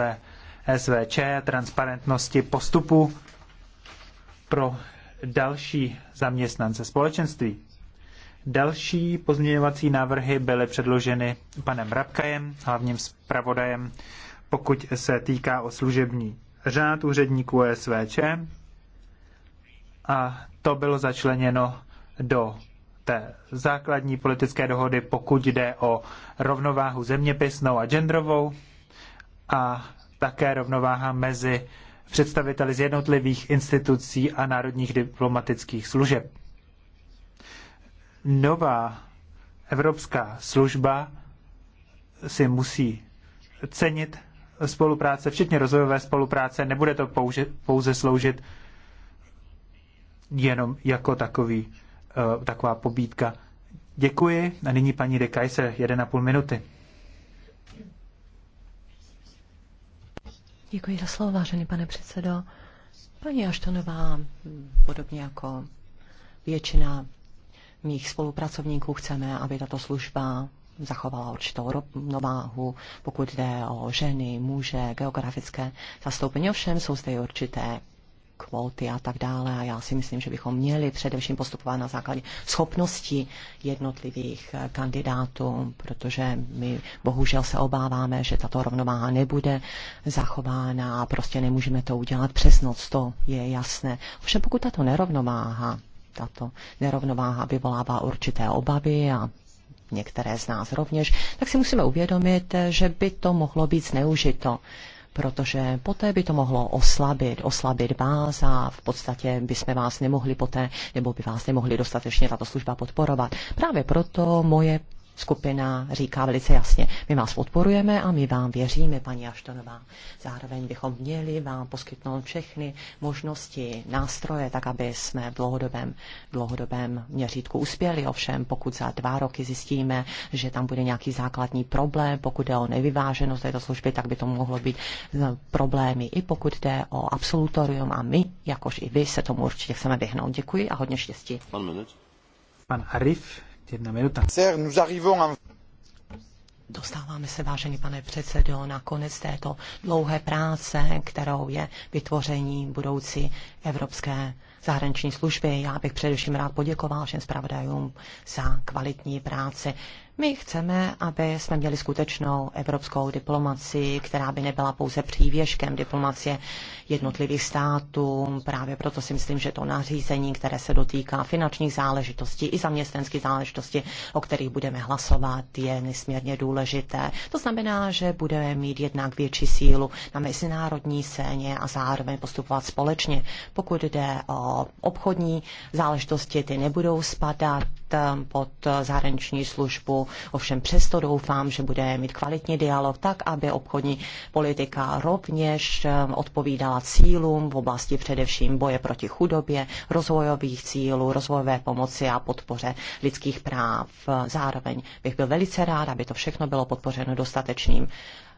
SVČ, transparentnosti postupu pro další zaměstnance společenství. Další pozměňovací návrhy byly předloženy panem Rabkajem, hlavním zpravodajem pokud se týká o služební řád úředníků ESVČ. A to bylo začleněno do té základní politické dohody, pokud jde o rovnováhu zeměpisnou a genderovou a také rovnováha mezi představiteli z jednotlivých institucí a národních diplomatických služeb. Nová evropská služba si musí cenit spolupráce, včetně rozvojové spolupráce, nebude to pouze, pouze sloužit jenom jako takový, eh, taková pobídka. Děkuji a nyní paní de Kajse, půl minuty. Děkuji za slovo, vážený pane předsedo. Paní Aštonová, podobně jako většina mých spolupracovníků, chceme, aby tato služba zachovala určitou rovnováhu, pokud jde o ženy, muže, geografické zastoupení. Ovšem jsou zde určité kvóty a tak dále. A já si myslím, že bychom měli především postupovat na základě schopnosti jednotlivých kandidátů, protože my bohužel se obáváme, že tato rovnováha nebude zachována a prostě nemůžeme to udělat přes noc, to je jasné. Ovšem pokud tato nerovnováha tato nerovnováha vyvolává určité obavy a některé z nás rovněž, tak si musíme uvědomit, že by to mohlo být zneužito protože poté by to mohlo oslabit, oslabit vás a v podstatě by jsme vás nemohli poté, nebo by vás nemohli dostatečně tato služba podporovat. Právě proto moje skupina říká velice jasně, my vás podporujeme a my vám věříme, paní Aštonová. Zároveň bychom měli vám poskytnout všechny možnosti, nástroje, tak aby jsme v dlouhodobém, dlouhodobém měřítku uspěli. Ovšem, pokud za dva roky zjistíme, že tam bude nějaký základní problém, pokud jde o nevyváženost této služby, tak by to mohlo být eh, problémy i pokud jde o absolutorium a my, jakož i vy, se tomu určitě chceme vyhnout. Děkuji a hodně štěstí. Pan Arif, Jedna minuta. Dostáváme se, vážený pane předsedo, na konec této dlouhé práce, kterou je vytvoření budoucí Evropské zahraniční služby. Já bych především rád poděkoval všem zpravodajům za kvalitní práci. My chceme, aby jsme měli skutečnou evropskou diplomaci, která by nebyla pouze přívěžkem diplomacie jednotlivých států. Právě proto si myslím, že to nařízení, které se dotýká finančních záležitostí i zaměstnanských záležitostí, o kterých budeme hlasovat, je nesmírně důležité. To znamená, že budeme mít jednak větší sílu na mezinárodní scéně a zároveň postupovat společně, pokud jde o obchodní záležitosti, ty nebudou spadat eh, pod eh, zahraniční službu. Ovšem přesto doufám, že bude mít kvalitní dialog tak, aby obchodní politika rovněž eh, odpovídala cílům v oblasti především boje proti chudobě, rozvojových cílů, rozvojové pomoci a podpoře lidských práv. Zároveň bych byl velice rád, aby to všechno bylo podpořeno dostatečným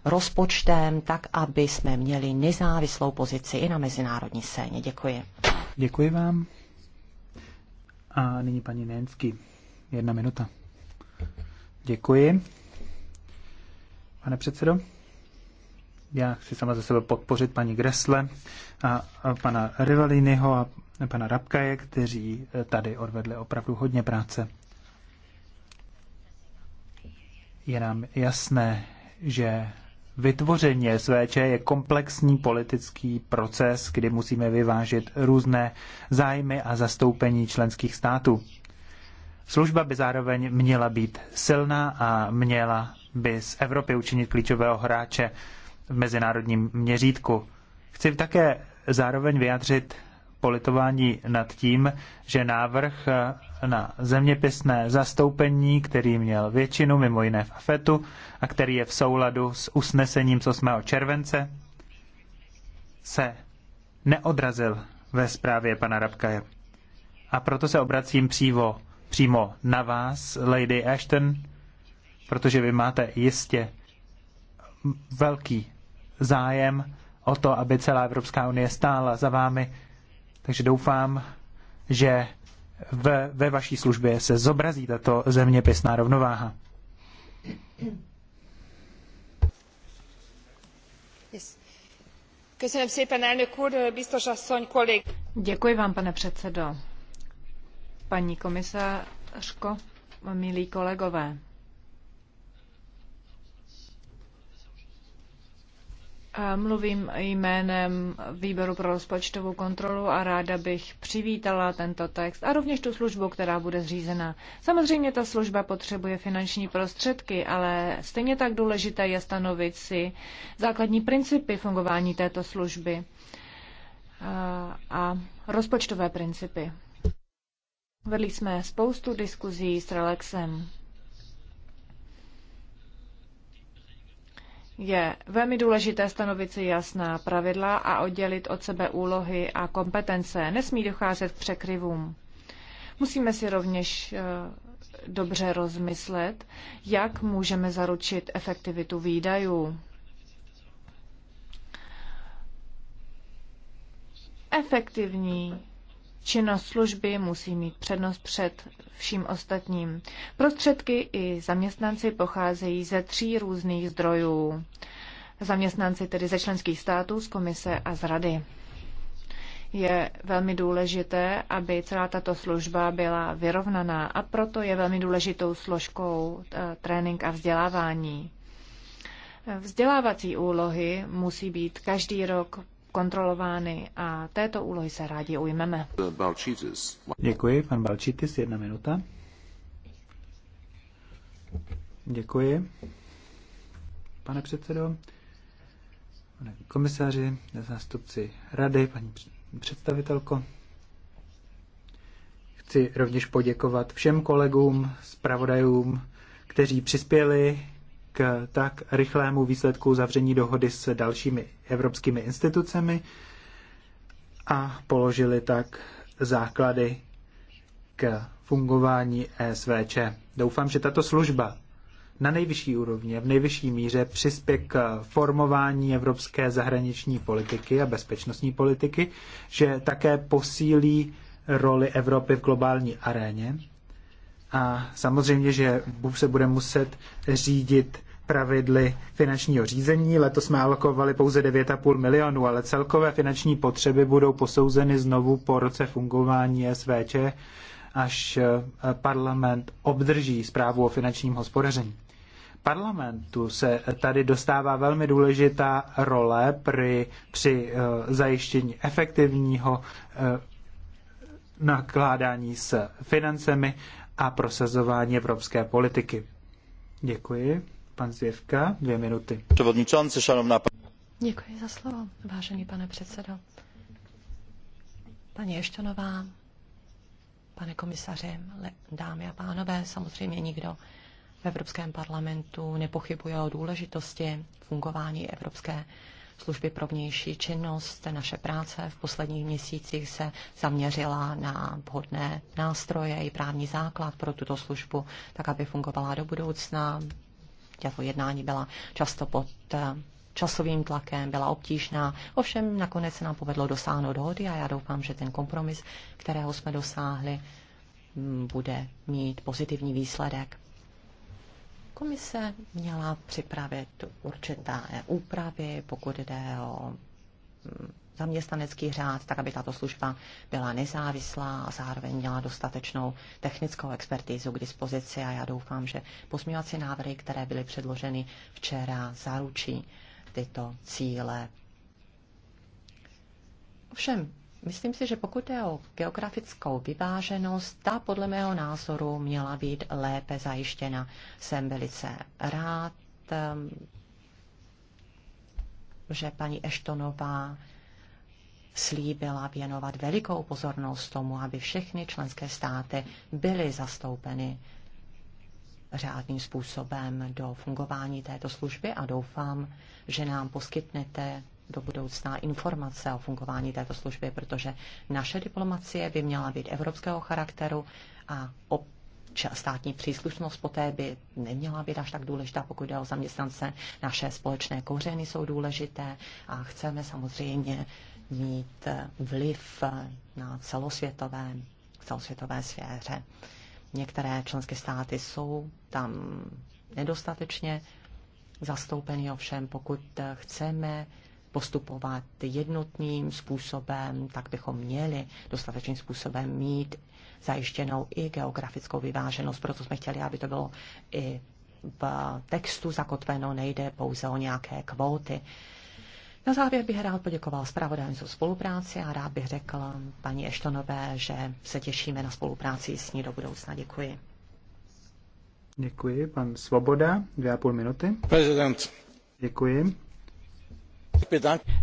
rozpočtem, tak aby jsme měli nezávislou pozici i na mezinárodní scéně. Děkuji. Děkuji vám. A nyní paní Nénsky. Jedna minuta. Děkuji. Pane předsedo, já chci sama ze sebe podpořit paní Gresle a, a pana Rivaliniho a pana Rabkaje, kteří tady odvedli opravdu hodně práce. Je nám jasné, že Vytvoření SVČ je komplexní politický proces, kdy musíme vyvážit různé zájmy a zastoupení členských států. Služba by zároveň měla být silná a měla by z Evropy učinit klíčového hráče v mezinárodním měřítku. Chci také zároveň vyjádřit politování nad tím, že návrh na zeměpisné zastoupení, který měl většinu, mimo jiné v AFETu, a který je v souladu s usnesením z 8. července, se neodrazil ve zprávě pana Rabkaje. A proto se obracím přímo, přímo na vás, Lady Ashton, protože vy máte jistě velký zájem o to, aby celá Evropská unie stála za vámi takže doufám, že v ve vaší službě se zobrazí tato zeměpisná rovnováha. Děkuji vám, pane předsedo. Paní komisařko, milí kolegové. Mluvím jménem Výboru pro rozpočtovou kontrolu a ráda bych přivítala tento text a rovněž tu službu, která bude zřízena. Samozřejmě ta služba potřebuje finanční prostředky, ale stejně tak důležité je stanovit si základní principy fungování této služby a, rozpočtové principy. Vedli jsme spoustu diskuzí s Relexem. Je velmi důležité stanovit si jasná pravidla a oddělit od sebe úlohy a kompetence. Nesmí docházet k překryvům. Musíme si rovněž eh, dobře rozmyslet, jak můžeme zaručit efektivitu výdajů. Efektivní Činnost služby musí mít přednost před vším ostatním. Prostředky i zaměstnanci pocházejí ze tří různých zdrojů. Zaměstnanci tedy ze členských států, z komise a z rady. Je velmi důležité, aby celá tato služba byla vyrovnaná a proto je velmi důležitou složkou eh, trénink a vzdělávání. Vzdělávací úlohy musí být každý rok kontrolovány a této úlohy se rádi ujmeme. Děkuji, pan Balčitis, jedna minuta. Děkuji. Pane předsedo, pane komisáři, zástupci rady, paní představitelko, chci rovněž poděkovat všem kolegům, zpravodajům, kteří přispěli k tak rychlému výsledku zavření dohody s dalšími evropskými institucemi a položili tak základy k fungování ESVČ. Doufám, že tato služba na nejvyšší úrovni, v nejvyšší míře přispěje k formování evropské zahraniční politiky a bezpečnostní politiky, že také posílí roli Evropy v globální aréně. A samozřejmě, že se bude muset řídit pravidly finančního řízení. Letos jsme alokovali pouze 9,5 milionů, ale celkové finanční potřeby budou posouzeny znovu po roce fungování SVČ, až eh, parlament obdrží zprávu o finančním hospodaření. Parlamentu se tady dostává velmi důležitá role při, při eh, zajištění efektivního eh, nakládání s financemi a prosazování evropské politiky. Děkuji. Pan Zjevka, dvě minuty. Předvodničanci, šanovná Děkuji za slovo, vážený pane předsedo. Paní Ještonová, pane komisaři, dámy a pánové, samozřejmě nikdo v Evropském parlamentu nepochybuje o důležitosti fungování Evropské služby pro vnější činnost. Naše práce v posledních měsících se zaměřila na vhodné nástroje i právní základ pro tuto službu, tak aby fungovala do budoucna. Tato jednání byla často pod eh, časovým tlakem, byla obtížná. Ovšem nakonec se nám povedlo dosáhnout dohody a já doufám, že ten kompromis, kterého jsme dosáhli, mm, bude mít pozitivní výsledek. Komise měla připravit určité úpravy, pokud jde o mm, zaměstnanecký řád, tak aby tato služba byla nezávislá a zároveň měla dostatečnou technickou expertizu k dispozici a já doufám, že pozměňovací návrhy, které byly předloženy včera, zaručí tyto cíle. Všem, myslím si, že pokud je o geografickou vyváženost, ta podle mého názoru měla být lépe zajištěna. Jsem velice rád, ehm, že paní Eštonová slíbila věnovat velikou pozornost tomu, aby všechny členské státy byly zastoupeny řádným způsobem do fungování této služby a doufám, že nám poskytnete do budoucna informace o fungování této služby, protože naše diplomacie by měla být evropského charakteru a státní příslušnost poté by neměla být až tak důležitá, pokud jde o zaměstnance. Naše společné kořeny jsou důležité a chceme samozřejmě mít vliv na celosvětové, celosvětové sféře. Některé členské státy jsou tam nedostatečně zastoupeny, ovšem pokud chceme postupovat jednotným způsobem, tak bychom měli dostatečným způsobem mít zajištěnou i geografickou vyváženost. Proto jsme chtěli, aby to bylo i v textu zakotveno, nejde pouze o nějaké kvóty na závěr bych rád poděkoval zpravodajům za spolupráci a rád bych řekl paní Eštonové, že se těšíme na spolupráci s ní do budoucna. Děkuji. Děkuji. Pan Svoboda, dvě a půl minuty. Prezident. Děkuji.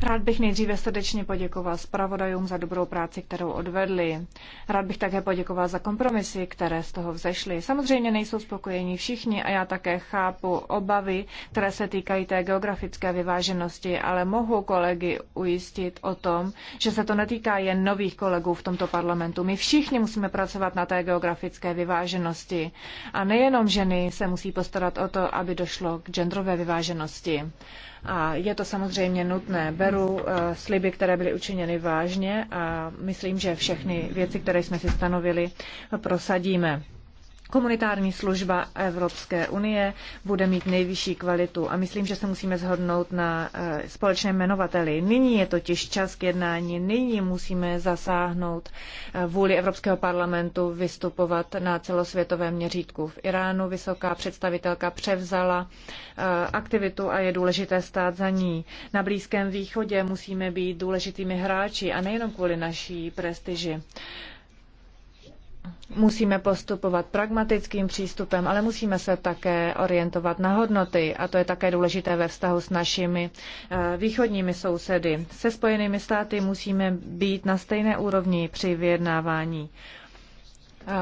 Rád bych nejdříve srdečně poděkoval zpravodajům za dobrou práci, kterou odvedli. Rád bych také poděkoval za kompromisy, které z toho vzešly. Samozřejmě nejsou spokojeni všichni a já také chápu obavy, které se týkají té geografické vyváženosti, ale mohu kolegy ujistit o tom, že se to netýká jen nových kolegů v tomto parlamentu. My všichni musíme pracovat na té geografické vyváženosti. A nejenom ženy se musí postarat o to, aby došlo k genderové vyváženosti. A je to samozřejmě nutné. Beru eh, sliby, které byly učiněny vážně a myslím, že všechny věci, které jsme si stanovili, prosadíme. Komunitární služba Evropské unie bude mít nejvyšší kvalitu a myslím, že se musíme zhodnout na eh, společném jmenovateli. Nyní je totiž čas k jednání, nyní musíme zasáhnout eh, vůli Evropského parlamentu vystupovat na celosvětovém měřítku. V Iránu vysoká představitelka převzala eh, aktivitu a je důležité stát za ní. Na Blízkém východě musíme být důležitými hráči a nejenom kvůli naší prestiži. Musíme postupovat pragmatickým přístupem, ale musíme se také orientovat na hodnoty a to je také důležité ve vztahu s našimi eh, východními sousedy. Se Spojenými státy musíme být na stejné úrovni při vyjednávání.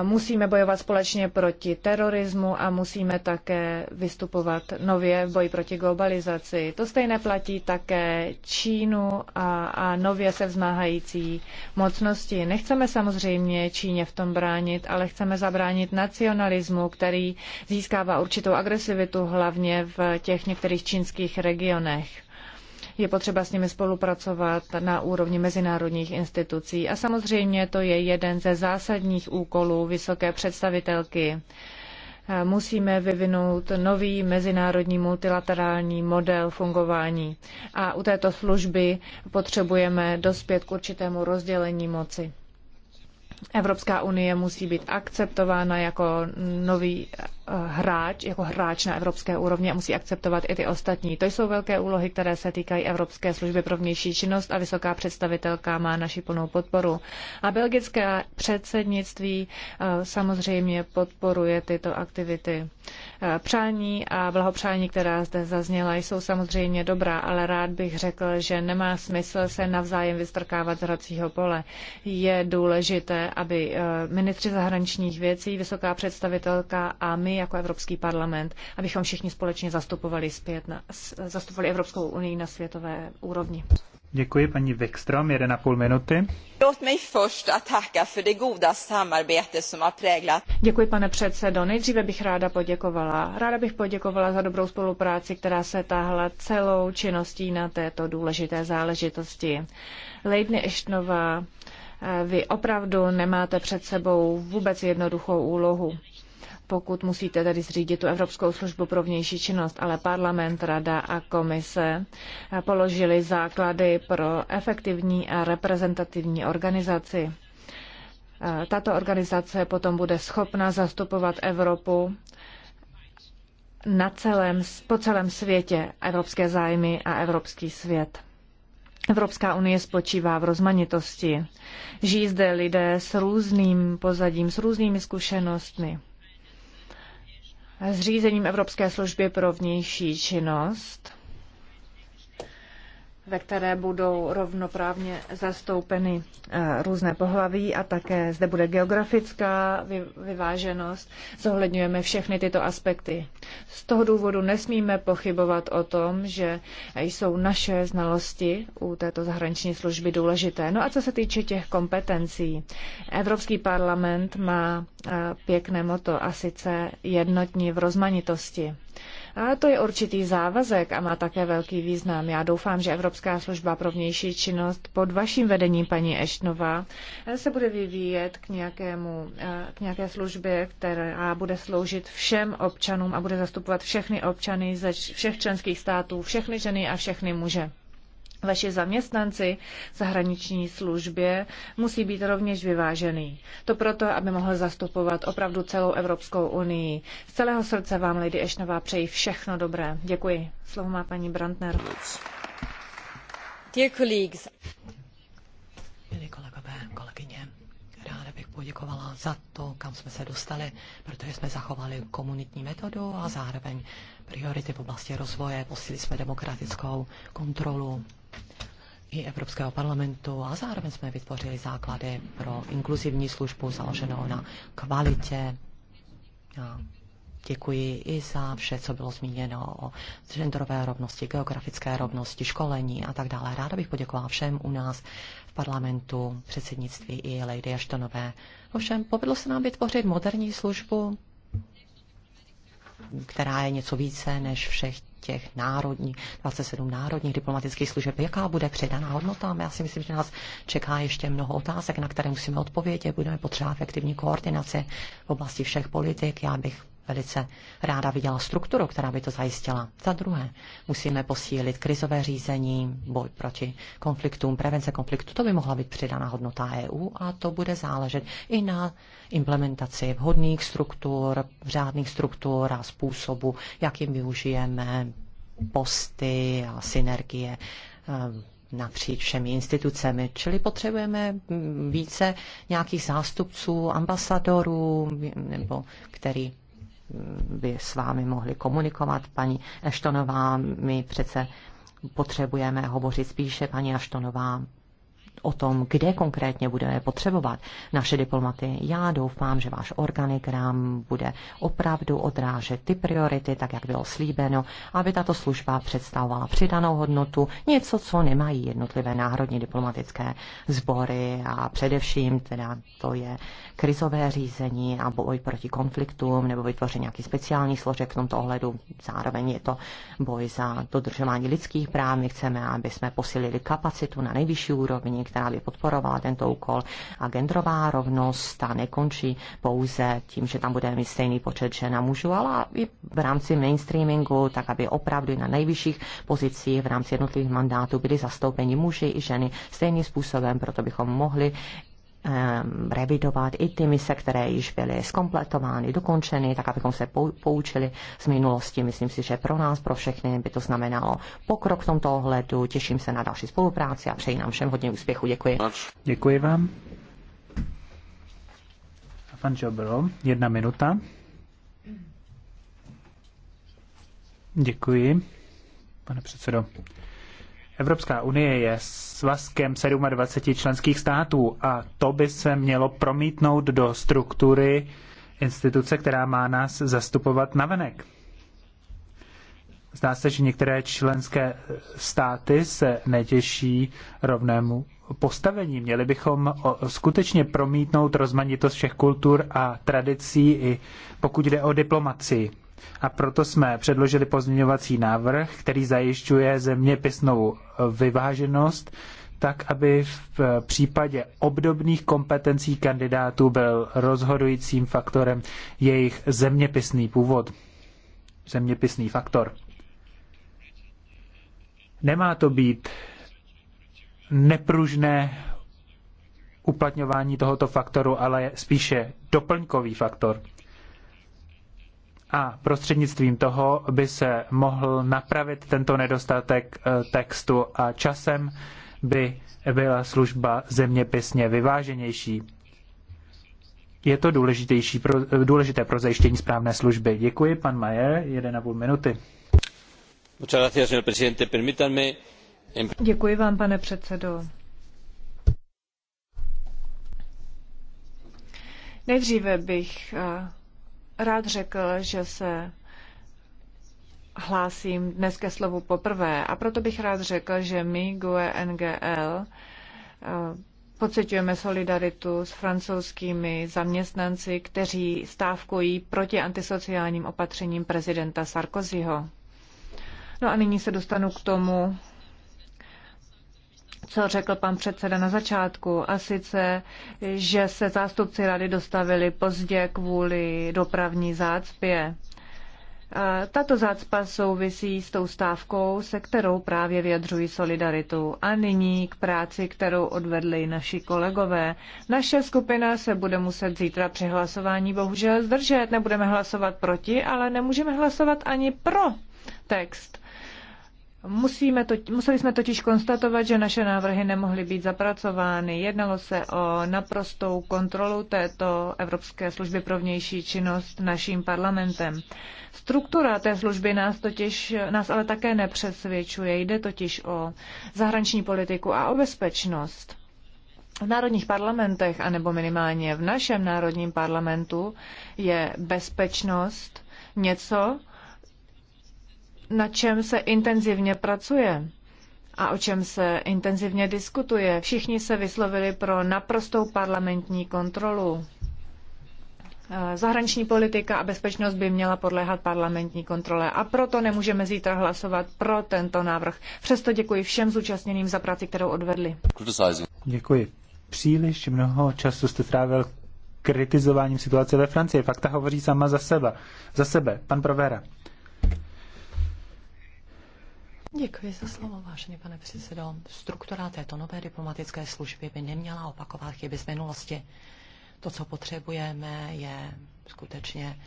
Musíme bojovat společně proti terorismu a musíme také vystupovat nově v boji proti globalizaci. To stejné platí také Čínu a, a nově se vzmáhající mocnosti. Nechceme samozřejmě Číně v tom bránit, ale chceme zabránit nacionalismu, který získává určitou agresivitu hlavně v těch některých čínských regionech. Je potřeba s nimi spolupracovat na úrovni mezinárodních institucí a samozřejmě to je jeden ze zásadních úkolů vysoké představitelky musíme vyvinout nový mezinárodní multilaterální model fungování. A u této služby potřebujeme dospět k určitému rozdělení moci. Evropská unie musí být akceptována jako nový eh, hráč, jako hráč na evropské úrovni a musí akceptovat i ty ostatní. To jsou velké úlohy, které se týkají Evropské služby pro vnější činnost a vysoká představitelka má naši plnou podporu. A belgické předsednictví eh, samozřejmě podporuje tyto aktivity. Eh, přání a blahopřání, která zde zazněla, jsou samozřejmě dobrá, ale rád bych řekl, že nemá smysl se navzájem vystrkávat z hracího pole. Je důležité, aby eh, ministři zahraničních věcí, vysoká představitelka a my jako Evropský parlament, abychom všichni společně zastupovali, zpět na, zastupovali Evropskou unii na světové úrovni. Děkuji paní Wikström, půl minuty. Děkuji pane předsedo. Nejdříve bych ráda poděkovala. Ráda bych poděkovala za dobrou spolupráci, která se táhla celou činností na této důležité záležitosti. Lejdny Eštnová vy opravdu nemáte před sebou vůbec jednoduchou úlohu pokud musíte tedy zřídit tu Evropskou službu pro vnější činnost, ale parlament, rada a komise položili základy pro efektivní a reprezentativní organizaci. Tato organizace potom bude schopna zastupovat Evropu na celém, po celém světě evropské zájmy a evropský svět. Evropská unie spočívá v rozmanitosti. Žijí zde lidé s různým pozadím, s různými zkušenostmi. Zřízením Evropské služby pro vnější činnost ve které budou rovnoprávně zastoupeny eh, různé pohlaví a také zde bude geografická vyváženost. Zohledňujeme všechny tyto aspekty. Z toho důvodu nesmíme pochybovat o tom, že jsou naše znalosti u této zahraniční služby důležité. No a co se týče těch kompetencí, Evropský parlament má eh, pěkné moto a sice jednotní v rozmanitosti. A to je určitý závazek a má také velký význam. Já doufám, že Evropská služba pro vnější činnost pod vaším vedením, paní Eštnová, se bude vyvíjet k, nějakému, eh, k nějaké službě, která bude sloužit všem občanům a bude zastupovat všechny občany ze všech členských států, všechny ženy a všechny muže. Vaši zaměstnanci v zahraniční službě musí být rovněž vyvážený. To proto, aby mohl zastupovat opravdu celou Evropskou unii. Z celého srdce vám, Lady Ešnová, přeji všechno dobré. Děkuji. Slovo má paní Brandner. Dear colleagues. Milí kolegové, kolegyně, ráda bych poděkovala za to, kam jsme se dostali, protože jsme zachovali komunitní metodu a zároveň priority v oblasti rozvoje, posílili jsme demokratickou kontrolu i Evropského parlamentu a zároveň jsme vytvořili základy pro inkluzivní službu založenou na kvalitě. A děkuji i za vše, co bylo zmíněno o genderové rovnosti, geografické rovnosti, školení a tak dále. Ráda bych poděkovala všem u nás v parlamentu, předsednictví i Lady Ashtonové. Ovšem, povedlo se nám vytvořit moderní službu která je něco více než všech těch národní, 27 národních diplomatických služeb. Jaká bude předaná hodnota? Já si myslím, že nás čeká ještě mnoho otázek, na které musíme odpovědět. Budeme potřebovat efektivní koordinaci v oblasti všech politik. Já bych velice ráda viděla strukturu, která by to zajistila. Za druhé, musíme posílit krizové řízení, boj proti konfliktům, prevence konfliktu. To by mohla být přidána hodnota EU a to bude záležet i na implementaci vhodných struktur, řádných struktur a způsobu, jakým využijeme posty a synergie ehm, napříč všemi institucemi. Čili potřebujeme hm, více nějakých zástupců, ambasadorů, nebo který by s vámi mohli komunikovat. Paní Eštonová, my přece potřebujeme hovořit spíše, paní Eštonová, o tom, kde konkrétně budeme potřebovat naše diplomaty. Já doufám, že váš organigram bude opravdu odrážet ty priority, tak jak bylo slíbeno, aby tato služba představovala přidanou hodnotu, něco, co nemají jednotlivé národní diplomatické sbory a především teda to je krizové řízení a boj proti konfliktům nebo vytvoření nějakých speciálních složek v tomto ohledu. Zároveň je to boj za dodržování lidských práv. My chceme, aby jsme posilili kapacitu na nejvyšší úrovni, která by podporovala tento úkol. A genderová rovnost ta nekončí pouze tím, že tam budeme mít stejný počet žen a mužů, ale i v rámci mainstreamingu, tak aby opravdu na nejvyšších pozicích v rámci jednotlivých mandátů byly zastoupeni muži i ženy stejným způsobem, proto bychom mohli Ehm, revidovat i ty mise, které již byly skompletovány, dokončeny, tak abychom se poučili z minulosti. Myslím si, že pro nás, pro všechny by to znamenalo pokrok v tomto ohledu. Těším se na další spolupráci a přeji nám všem hodně úspěchu. Děkuji. Děkuji vám. A pan Žobro, jedna minuta. Děkuji, pane předsedo. Evropská unie je svazkem 27 členských států a to by se mělo promítnout do struktury instituce, která má nás zastupovat navenek. Zdá se, že některé členské státy se netěší rovnému postavení. Měli bychom skutečně promítnout rozmanitost všech kultur a tradicí, i pokud jde o diplomacii a proto jsme předložili pozměňovací návrh, který zajišťuje zeměpisnou vyváženost, tak aby v případě obdobných kompetencí kandidátů byl rozhodujícím faktorem jejich zeměpisný původ, zeměpisný faktor. Nemá to být nepružné uplatňování tohoto faktoru, ale spíše doplňkový faktor a prostřednictvím toho by se mohl napravit tento nedostatek eh, textu a časem by byla služba zeměpisně vyváženější. Je to důležitější pro, eh, důležité pro zajištění správné služby. Děkuji, pan Majer, 1,5 minuty. Děkuji vám, pane předsedo. Nejdříve bych eh, rád řekl, že se hlásím dnes ke slovu poprvé a proto bych rád řekl, že my, GUE NGL, eh, pocitujeme solidaritu s francouzskými zaměstnanci, kteří stávkují proti antisociálním opatřením prezidenta Sarkozyho. No a nyní se dostanu k tomu, co řekl pan předseda na začátku, a sice, že se zástupci rady dostavili pozdě kvůli dopravní zácpě. Tato zácpa souvisí s tou stávkou, se kterou právě vyjadřují solidaritu. A nyní k práci, kterou odvedli naši kolegové. Naše skupina se bude muset zítra při hlasování bohužel zdržet. Nebudeme hlasovat proti, ale nemůžeme hlasovat ani pro text. Musíme to, museli jsme totiž konstatovat, že naše návrhy nemohly být zapracovány. Jednalo se o naprostou kontrolu této Evropské služby pro vnější činnost naším parlamentem. Struktura té služby nás, totiž, nás ale také nepřesvědčuje. Jde totiž o zahraniční politiku a o bezpečnost. V národních parlamentech, anebo minimálně v našem národním parlamentu, je bezpečnost něco, na čem se intenzivně pracuje a o čem se intenzivně diskutuje. Všichni se vyslovili pro naprostou parlamentní kontrolu. Eh, zahraniční politika a bezpečnost by měla podléhat parlamentní kontrole a proto nemůžeme zítra hlasovat pro tento návrh. Přesto děkuji všem zúčastněným za práci, kterou odvedli. Děkuji. Příliš mnoho času jste trávil kritizováním situace ve Francii. Fakta hovoří sama za sebe. Za sebe. Pan Provera. Děkuji za slovo, vážený pane předsedo. Struktura této nové diplomatické služby by neměla opakovat chyby z minulosti. To, co potřebujeme, je skutečně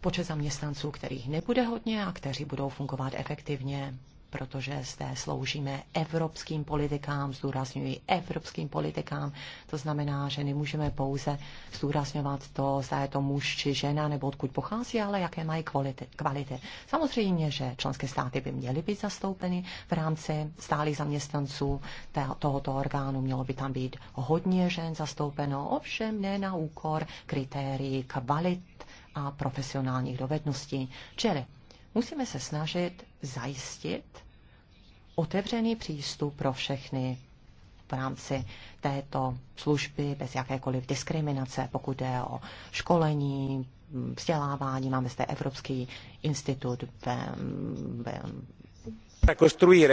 počet zaměstnanců, kterých nebude hodně a kteří budou fungovat efektivně protože zde sloužíme evropským politikám, zdůrazňuji evropským politikám. To znamená, že nemůžeme pouze zdůrazňovat to, zda je to muž či žena, nebo odkud pochází, ale jaké mají kvality. kvality. Samozřejmě, že členské státy by měly být zastoupeny v rámci stálých zaměstnanců tohoto orgánu. Mělo by tam být hodně žen zastoupeno, ovšem ne na úkor kritérií kvalit a profesionálních dovedností. Čili Musíme se snažit zajistit otevřený přístup pro všechny v rámci této služby bez jakékoliv diskriminace, pokud jde o školení, vzdělávání. Máme zde Evropský institut v, v,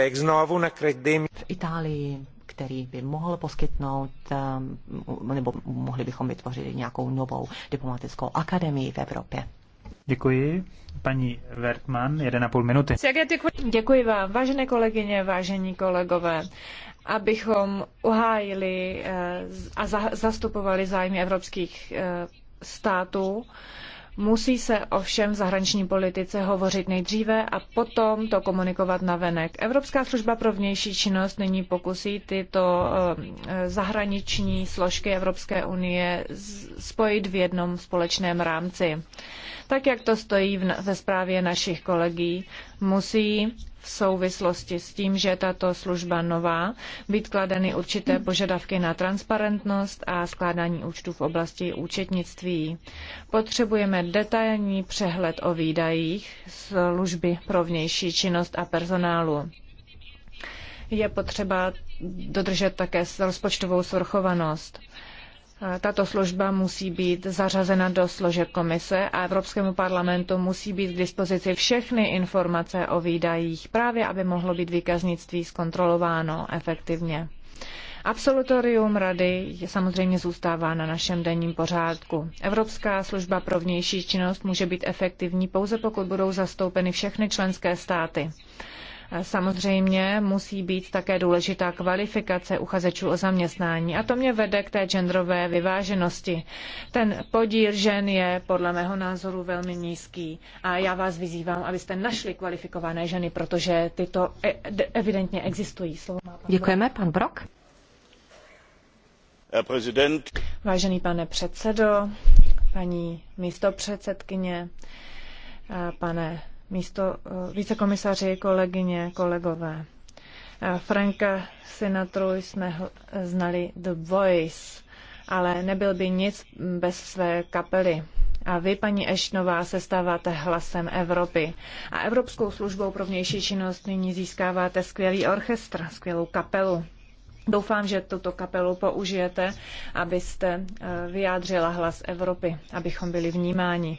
v Itálii, který by mohl poskytnout, eh, nebo mohli bychom vytvořit nějakou novou diplomatickou akademii v Evropě. Děkuji. Paní Wertmann, 1,5 minuty. Děkuji vám, vážené kolegyně, vážení kolegové abychom uhájili eh, a zastupovali zájmy evropských eh, států Musí se ovšem v zahraniční politice hovořit nejdříve a potom to komunikovat na venek. Evropská služba pro vnější činnost nyní pokusí tyto eh, zahraniční složky Evropské unie spojit v jednom společném rámci. Tak, jak to stojí v, ve zprávě našich kolegí, musí v souvislosti s tím, že je tato služba nová, být kladeny určité požadavky na transparentnost a skládání účtů v oblasti účetnictví. Potřebujeme detailní přehled o výdajích služby pro vnější činnost a personálu. Je potřeba dodržet také rozpočtovou svrchovanost. Tato služba musí být zařazena do složek komise a Evropskému parlamentu musí být k dispozici všechny informace o výdajích, právě aby mohlo být výkaznictví zkontrolováno efektivně. Absolutorium rady samozřejmě zůstává na našem denním pořádku. Evropská služba pro vnější činnost může být efektivní pouze pokud budou zastoupeny všechny členské státy. Samozřejmě musí být také důležitá kvalifikace uchazečů o zaměstnání a to mě vede k té genderové vyváženosti. Ten podíl žen je podle mého názoru velmi nízký a já vás vyzývám, abyste našli kvalifikované ženy, protože tyto e- evidentně existují. Slovo má pan Děkujeme, pan Brok. Vážený pane předsedo, paní místopředsedkyně, pane místo eh, vícekomisaři, kolegyně, kolegové. Eh, Franka Sinatru jsme eh, znali The Voice, ale nebyl by nic bez své kapely. A vy, paní Ešnová, se stáváte hlasem Evropy. A Evropskou službou pro vnější činnost nyní získáváte skvělý orchestr, skvělou kapelu. Doufám, že tuto kapelu použijete, abyste vyjádřila hlas Evropy, abychom byli vnímáni.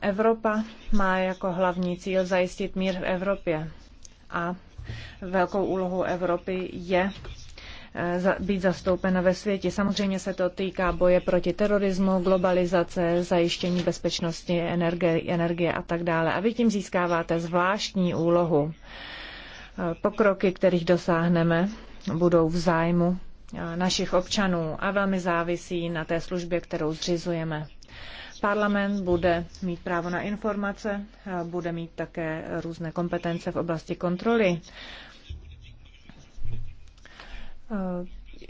Evropa má jako hlavní cíl zajistit mír v Evropě a velkou úlohou Evropy je eh, být zastoupena ve světě. Samozřejmě se to týká boje proti terorismu, globalizace, zajištění bezpečnosti, energie, energie a tak dále. A vy tím získáváte zvláštní úlohu. Eh, pokroky, kterých dosáhneme, budou v zájmu eh, našich občanů a velmi závisí na té službě, kterou zřizujeme. Parlament bude mít právo na informace, bude mít také různé kompetence v oblasti kontroly. Eh,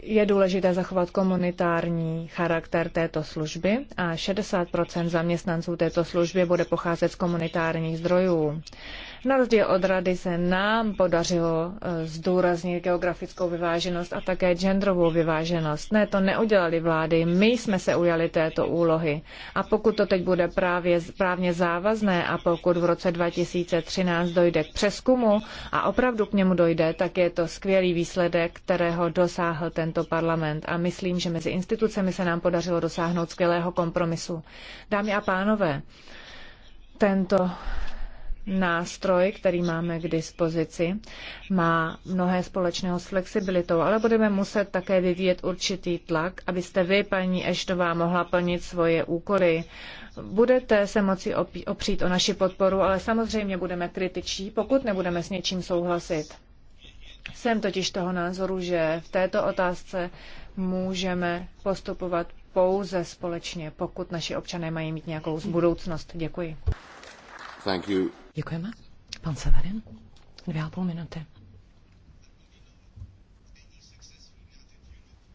je důležité zachovat komunitární charakter této služby a 60 zaměstnanců této služby bude pocházet z komunitárních zdrojů. Na rozdíl od rady se nám podařilo eh, zdůraznit geografickou vyváženost a také genderovou vyváženost. Ne, to neudělali vlády, my jsme se ujali této úlohy. A pokud to teď bude právě, právně závazné a pokud v roce 2013 dojde k přeskumu a opravdu k němu dojde, tak je to skvělý výsledek, kterého dosáhl tento parlament. A myslím, že mezi institucemi se nám podařilo dosáhnout skvělého kompromisu. Dámy a pánové, tento nástroj, který máme k dispozici, má mnohé společného s flexibilitou, ale budeme muset také vyvíjet určitý tlak, abyste vy, paní Eštová, mohla plnit svoje úkoly. Budete se moci opřít o naši podporu, ale samozřejmě budeme kritičtí, pokud nebudeme s něčím souhlasit. Jsem totiž toho názoru, že v této otázce můžeme postupovat pouze společně, pokud naši občané mají mít nějakou budoucnost. Děkuji. Thank you. Děkujeme. Pan Severin, dvě a půl minuty.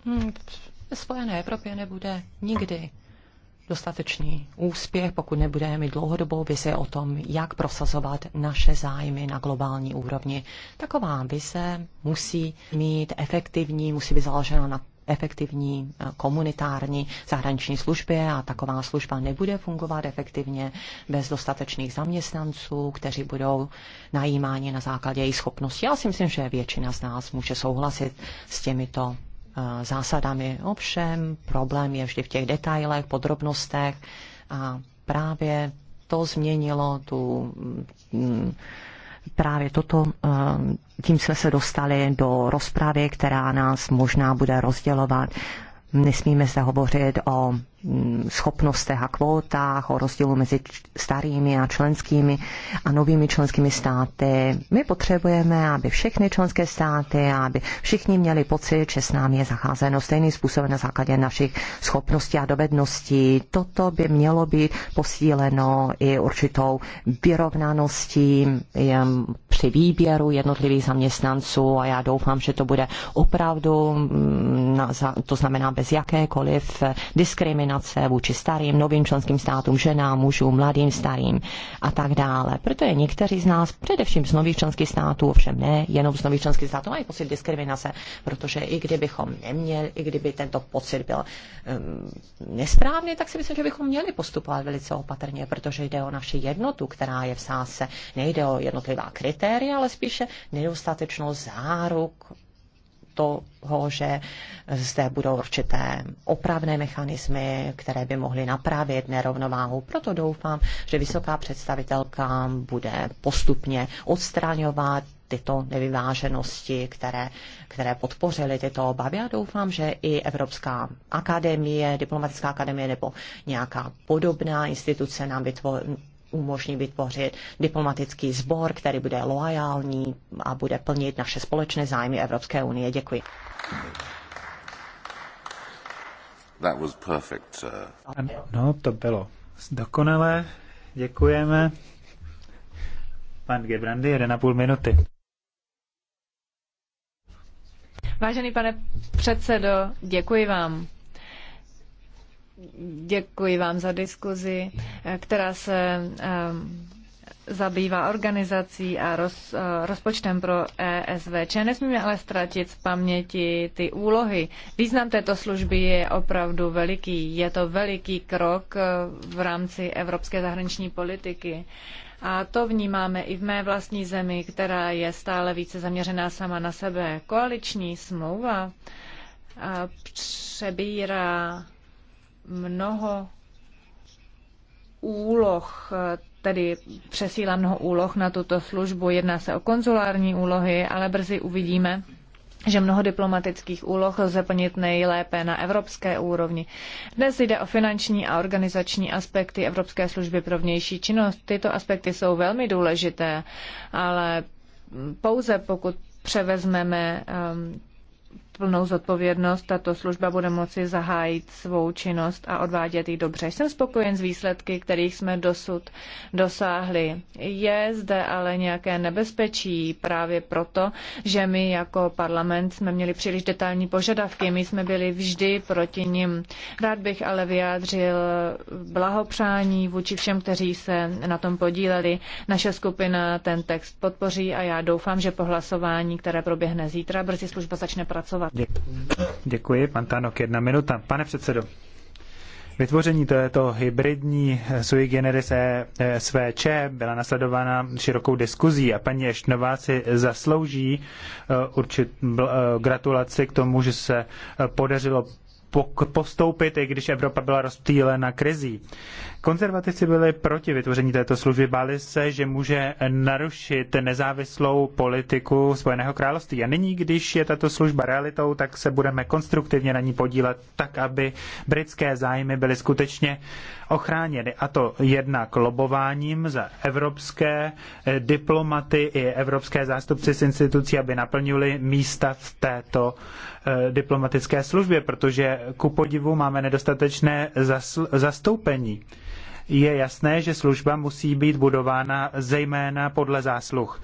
Hmm, ve Spojené Evropě nebude nikdy dostatečný úspěch, pokud nebudeme mít dlouhodobou vizi o tom, jak prosazovat naše zájmy na globální úrovni. Taková vize musí mít efektivní, musí být založena na efektivní eh, komunitární zahraniční službě a taková služba nebude fungovat efektivně bez dostatečných zaměstnanců, kteří budou najímáni na základě jejich schopností. Já si myslím, že většina z nás může souhlasit s těmito eh, zásadami. Ovšem, problém je vždy v těch detailech, podrobnostech a právě to změnilo tu mm, právě toto, eh, tím jsme se dostali do rozpravy, která nás možná bude rozdělovat. Nesmíme se hovořit o Mm, schopnostech a kvótách, o rozdílu mezi starými a členskými a novými členskými státy. My potřebujeme, aby všechny členské státy, aby všichni měli pocit, že s námi je zacházeno stejným způsobem na základě našich schopností a dovedností. Toto by mělo být posíleno i určitou vyrovnaností při výběru jednotlivých zaměstnanců a já doufám, že to bude opravdu, mm, to znamená bez jakékoliv diskriminace diskriminace vůči starým, novým členským státům, ženám, mužům, mladým, starým a tak dále. Proto je někteří z nás, především z nových členských států, ovšem ne jenom z nových členských států, mají pocit diskriminace, protože i kdybychom neměli, i kdyby tento pocit byl um, nesprávný, tak si myslím, že bychom měli postupovat velice opatrně, protože jde o naši jednotu, která je v sáse. Nejde o jednotlivá kritéria, ale spíše nedostatečnou záruk toho, že zde budou určité opravné mechanismy, které by mohly napravit nerovnováhu. Proto doufám, že vysoká představitelka bude postupně odstraňovat tyto nevyváženosti, které, které podpořily tyto obavy. Já doufám, že i Evropská akademie, diplomatická akademie nebo nějaká podobná instituce nám vytvoří umožní vytvořit diplomatický sbor, který bude loajální a bude plnit naše společné zájmy Evropské unie. Děkuji. That was perfect, sir. No, to bylo dokonalé. Děkujeme. Pan Gebrandy, půl minuty. Vážený pane předsedo, děkuji vám. Děkuji vám za diskuzi, která se ehm, zabývá organizací a roz, eh, rozpočtem pro ESVČ. Nesmíme ale ztratit z paměti ty úlohy. Význam této služby je opravdu veliký. Je to veliký krok eh, v rámci evropské zahraniční politiky. A to vnímáme i v mé vlastní zemi, která je stále více zaměřená sama na sebe. Koaliční smlouva eh, přebírá mnoho úloh, tedy přesílá mnoho úloh na tuto službu. Jedná se o konzulární úlohy, ale brzy uvidíme, že mnoho diplomatických úloh lze plnit nejlépe na evropské úrovni. Dnes jde o finanční a organizační aspekty Evropské služby pro vnější činnost. Tyto aspekty jsou velmi důležité, ale pouze pokud převezmeme um, plnou zodpovědnost, tato služba bude moci zahájit svou činnost a odvádět ji dobře. Jsem spokojen s výsledky, kterých jsme dosud dosáhli. Je zde ale nějaké nebezpečí právě proto, že my jako parlament jsme měli příliš detailní požadavky, my jsme byli vždy proti nim. Rád bych ale vyjádřil blahopřání vůči všem, kteří se na tom podíleli. Naše skupina ten text podpoří a já doufám, že po hlasování, které proběhne zítra, brzy služba začne pracovat debat. Děkuji, pan Tánok, jedna minuta. Pane předsedo, Vytvoření této hybridní sui generis e- e SVČ byla nasledována širokou diskuzí a paní Eštnová si zaslouží e, určit gratulaci k tomu, že se podařilo postoupit, i když Evropa byla rozptýlena krizí. Konzervativci byli proti vytvoření této služby, báli se, že může narušit nezávislou politiku Spojeného království. A nyní, když je tato služba realitou, tak se budeme konstruktivně na ní podílet tak, aby britské zájmy byly skutečně ochráněny. A to jednak lobováním za evropské eh, diplomaty i evropské zástupci z institucí, aby naplnili místa v této eh, diplomatické službě, protože ku podivu máme nedostatečné zastoupení je jasné, že služba musí být budována zejména podle zásluh.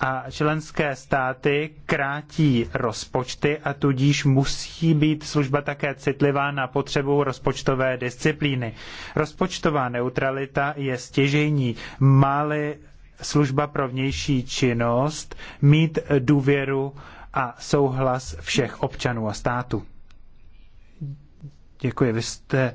A členské státy krátí rozpočty a tudíž musí být služba také citlivá na potřebu rozpočtové disciplíny. Rozpočtová neutralita je stěžejní. Máli služba pro vnější činnost mít důvěru a souhlas všech občanů a státu. Děkuji, vy jste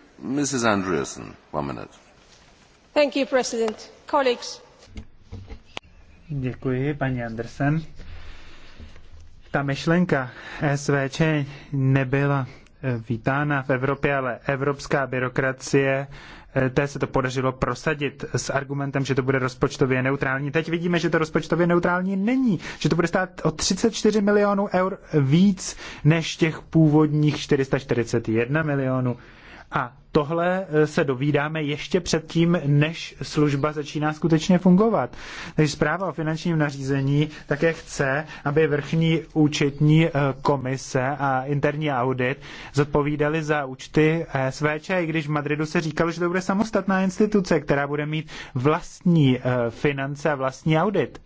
paní Ta myšlenka SVČ nebyla eh, vítána v Evropě, ale evropská byrokracie, eh, té se to podařilo prosadit s argumentem, že to bude rozpočtově neutrální. Teď vidíme, že to rozpočtově neutrální není, že to bude stát o 34 milionů eur víc než těch původních 441 milionů. A tohle eh, se dovídáme ještě předtím, než služba začíná skutečně fungovat. Takže zpráva o finančním nařízení také chce, aby vrchní účetní eh, komise a interní audit zodpovídali za účty eh, SVČ, i když v Madridu se říkalo, že to bude samostatná instituce, která bude mít vlastní finance a vlastní audit.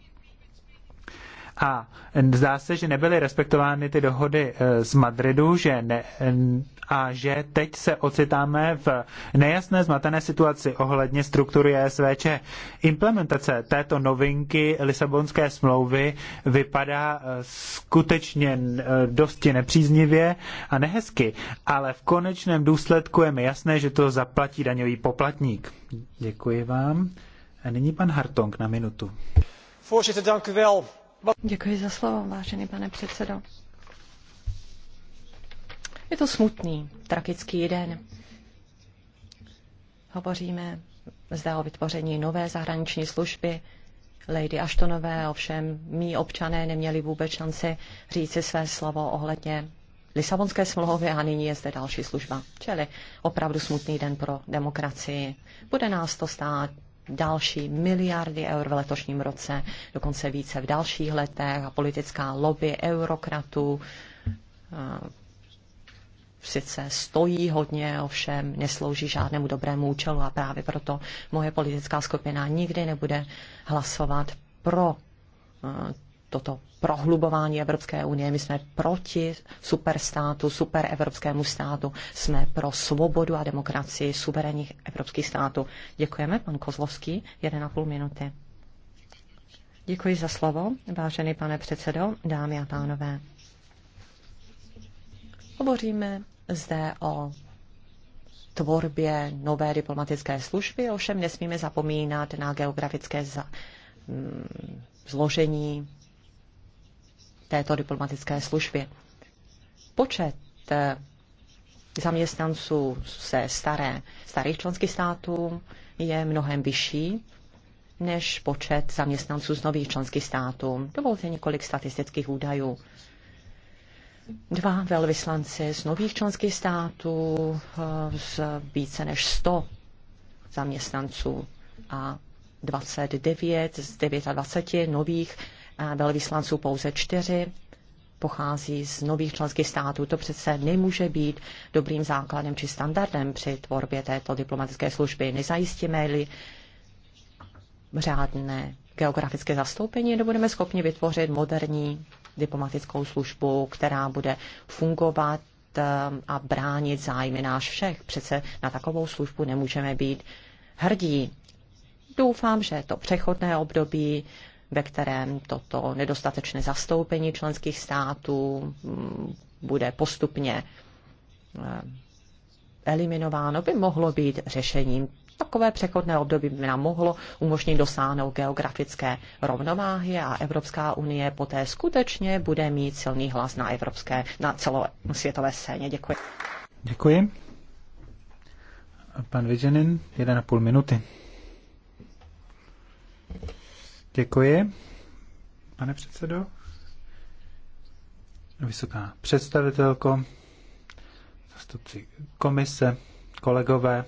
A zdá se, že nebyly respektovány ty dohody eh, z Madridu, že ne, a že teď se ocitáme v nejasné zmatené situaci ohledně struktury ESVČ. Implementace této novinky Lisabonské smlouvy vypadá eh, skutečně eh, dosti nepříznivě a nehezky, ale v konečném důsledku je mi jasné, že to zaplatí daňový poplatník. Děkuji vám. A nyní pan Hartong na minutu. Voorzitter, dank u wel. Děkuji za slovo, vážený pane předsedo. Je to smutný, tragický den. Hovoříme zde o vytvoření nové zahraniční služby, Lady Ashtonové, ovšem mý občané neměli vůbec šanci říci své slovo ohledně Lisabonské smlouvy a nyní je zde další služba. Čili opravdu smutný den pro demokracii. Bude nás to stát další miliardy eur v letošním roce, dokonce více v dalších letech a politická lobby eurokratů eh, sice stojí hodně, ovšem neslouží žádnému dobrému účelu a právě proto moje politická skupina nikdy nebude hlasovat pro eh, toto prohlubování Evropské unie. My jsme proti superstátu, superevropskému státu. Jsme pro svobodu a demokracii suverénních evropských států. Děkujeme, pan Kozlovský, 1,5 minuty. Děkuji za slovo, vážený pane předsedo, dámy a pánové. Hovoříme zde o tvorbě nové diplomatické služby, ovšem nesmíme zapomínat na geografické za, mm, zložení této diplomatické služby. Počet eh, zaměstnanců se staré, starých členských států je mnohem vyšší než počet zaměstnanců z nových členských států. Dovolte několik statistických údajů. Dva velvyslanci z nových členských států eh, z více než 100 zaměstnanců a 29 z 29 nových velvyslanců pouze čtyři pochází z nových členských států. To přece nemůže být dobrým základem či standardem při tvorbě této diplomatické služby. Nezajistíme-li řádné geografické zastoupení, nebudeme schopni vytvořit moderní diplomatickou službu, která bude fungovat eh, a bránit zájmy náš všech. Přece na takovou službu nemůžeme být hrdí. Doufám, že to přechodné období ve kterém toto nedostatečné zastoupení členských států mm, bude postupně eh, eliminováno, by mohlo být řešením. Takové přechodné období by nám mohlo umožnit dosáhnout geografické rovnováhy a Evropská unie poté skutečně bude mít silný hlas na evropské, na celosvětové scéně. Děkuji. Děkuji. Pan a půl minuty. Děkuji, pane předsedo. Vysoká představitelko, zastupci komise, kolegové,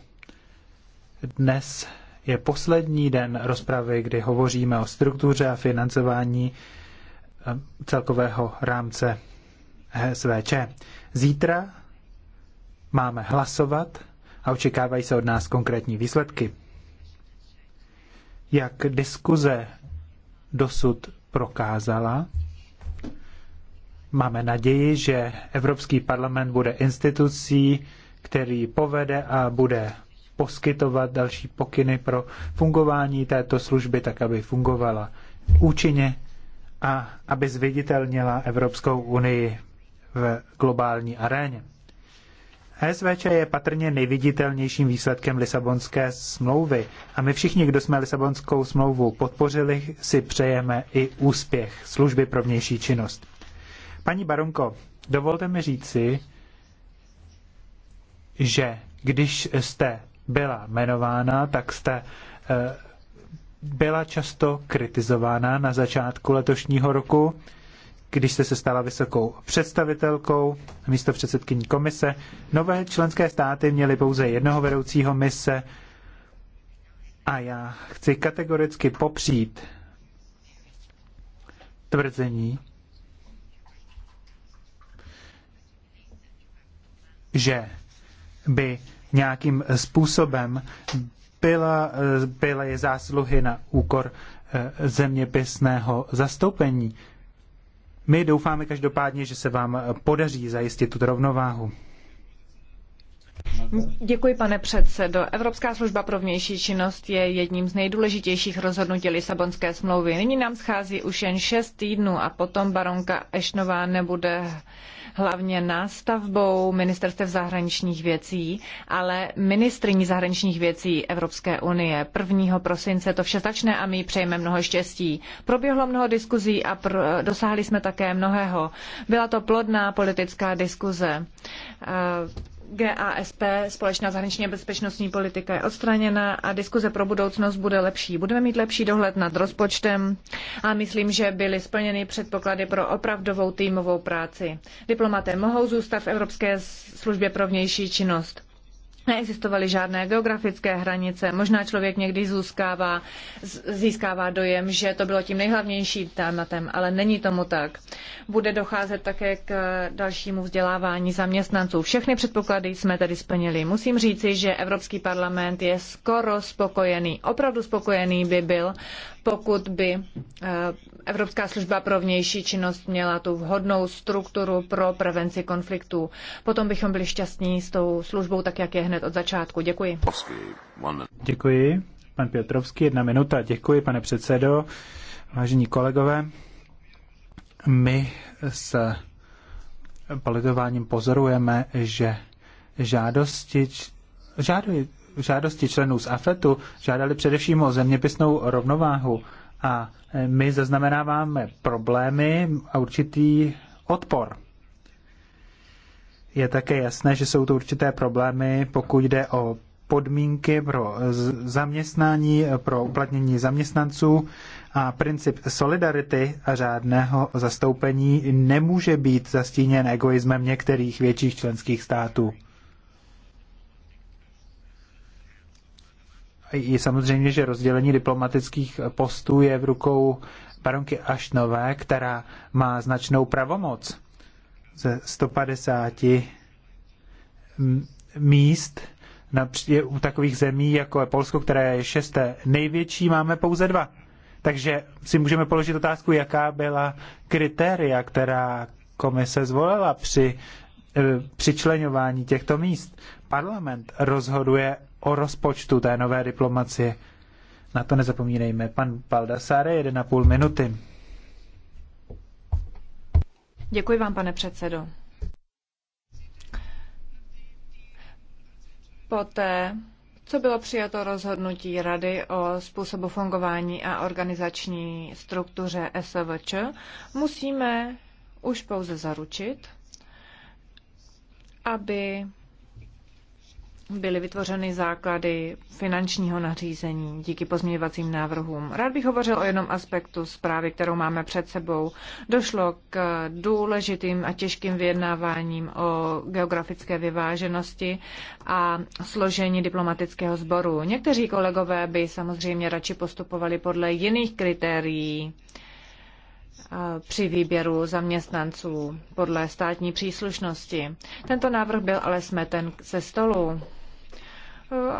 dnes je poslední den rozpravy, kdy hovoříme o struktuře a financování eh, celkového rámce SVČ. Zítra máme hlasovat a očekávají se od nás konkrétní výsledky. Jak diskuze dosud prokázala. Máme naději, že Evropský parlament bude institucí, který povede a bude poskytovat další pokyny pro fungování této služby, tak aby fungovala účinně a aby zviditelnila Evropskou unii v globální aréně. SVČ je patrně nejviditelnějším výsledkem Lisabonské smlouvy a my všichni, kdo jsme Lisabonskou smlouvu podpořili, si přejeme i úspěch služby pro vnější činnost. Paní Baronko, dovolte mi říci, že když jste byla jmenována, tak jste eh, byla často kritizována na začátku letošního roku když jste se stala vysokou představitelkou místo předsedkyní komise. Nové členské státy měly pouze jednoho vedoucího mise a já chci kategoricky popřít tvrzení, že by nějakým způsobem byla, je zásluhy na úkor eh, zeměpisného zastoupení. My doufáme každopádně, že se vám podaří zajistit tuto rovnováhu. Děkuji, pane předsedo. Evropská služba pro vnější činnost je jedním z nejdůležitějších rozhodnutí Lisabonské smlouvy. Nyní nám schází už jen šest týdnů a potom baronka Ešnová nebude hlavně nástavbou ministerstev zahraničních věcí, ale ministriní zahraničních věcí Evropské unie. 1. prosince to vše začne a my přejeme mnoho štěstí. Proběhlo mnoho diskuzí a pr- dosáhli jsme také mnohého. Byla to plodná politická diskuze. GASP, společná zahraniční a bezpečnostní politika je odstraněna a diskuze pro budoucnost bude lepší. Budeme mít lepší dohled nad rozpočtem a myslím, že byly splněny předpoklady pro opravdovou týmovou práci. Diplomaté mohou zůstat v Evropské službě pro vnější činnost. Neexistovaly žádné geografické hranice. Možná člověk někdy zůzkává, získává dojem, že to bylo tím nejhlavnějším tématem, ale není tomu tak. Bude docházet také k dalšímu vzdělávání zaměstnanců. Všechny předpoklady jsme tedy splnili. Musím říci, že Evropský parlament je skoro spokojený. Opravdu spokojený by byl, pokud by eh, Evropská služba pro vnější činnost měla tu vhodnou strukturu pro prevenci konfliktů. Potom bychom byli šťastní s tou službou, tak jak je hned od začátku. Děkuji. Děkuji. Pan Pětrovský, jedna minuta. Děkuji, pane předsedo. Vážení kolegové, my s politováním pozorujeme, že žádosti, žádosti, žádosti členů z AFETu žádali především o zeměpisnou rovnováhu a e, my zaznamenáváme problémy a určitý odpor. Je také jasné, že jsou to určité problémy, pokud jde o podmínky pro zaměstnání, pro uplatnění zaměstnanců a princip solidarity a řádného zastoupení nemůže být zastíněn egoismem některých větších členských států. je samozřejmě, že rozdělení diplomatických postů je v rukou baronky Ašnové, která má značnou pravomoc ze 150 míst na, u takových zemí, jako je Polsko, které je šesté největší, máme pouze dva. Takže si můžeme položit otázku, jaká byla kritéria, která komise zvolila při eh, přičlenování těchto míst parlament rozhoduje o rozpočtu té nové diplomacie. Na to nezapomínejme. Pan Baldassare, 1,5 minuty. Děkuji vám, pane předsedo. Poté, co bylo přijato rozhodnutí Rady o způsobu fungování a organizační struktuře SVČ, musíme už pouze zaručit, aby byly vytvořeny základy finančního nařízení díky pozměňovacím návrhům. Rád bych hovořil o jednom aspektu zprávy, kterou máme před sebou. Došlo k důležitým a těžkým vyjednáváním o geografické vyváženosti a složení diplomatického sboru. Někteří kolegové by samozřejmě radši postupovali podle jiných kritérií při výběru zaměstnanců podle státní příslušnosti. Tento návrh byl ale smeten se stolu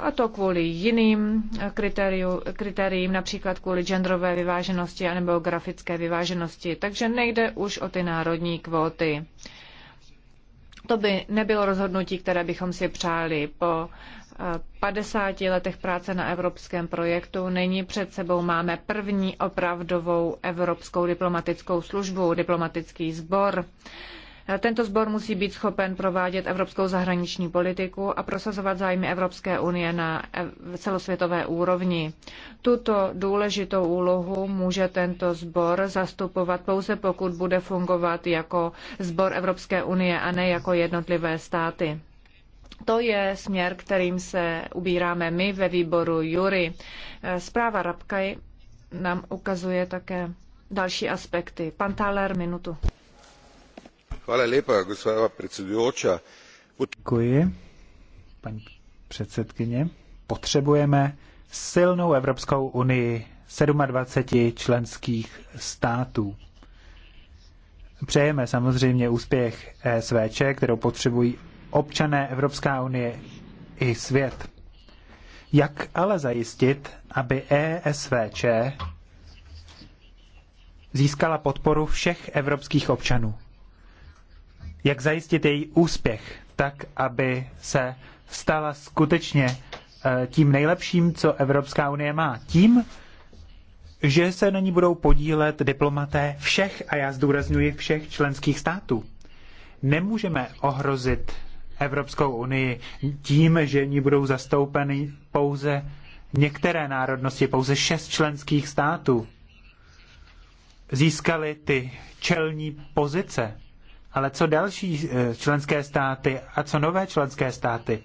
a to kvůli jiným kritériu, kritériím, například kvůli genderové vyváženosti anebo grafické vyváženosti. Takže nejde už o ty národní kvóty. To by nebylo rozhodnutí, které bychom si přáli. Po 50 eh, letech práce na evropském projektu nyní před sebou máme první opravdovou evropskou diplomatickou službu, diplomatický sbor. Tento sbor musí být schopen provádět evropskou zahraniční politiku a prosazovat zájmy Evropské unie na celosvětové úrovni. Tuto důležitou úlohu může tento sbor zastupovat pouze pokud bude fungovat jako sbor Evropské unie a ne jako jednotlivé státy. To je směr, kterým se ubíráme my ve výboru Jury. Zpráva Rabkaj nám ukazuje také další aspekty. Pan Thaler, minutu. Děkuji, paní předsedkyně. Potřebujeme silnou Evropskou unii 27 členských států. Přejeme samozřejmě úspěch SVČ, kterou potřebují občané Evropská unie i svět. Jak ale zajistit, aby ESVČ získala podporu všech evropských občanů? jak zajistit její úspěch, tak aby se stala skutečně eh, tím nejlepším, co Evropská unie má. Tím, že se na ní budou podílet diplomaté všech, a já zdůrazňuji všech členských států. Nemůžeme ohrozit Evropskou unii tím, že ní budou zastoupeny pouze některé národnosti, pouze šest členských států. Získali ty čelní pozice. Ale co další eh, členské státy a co nové členské státy?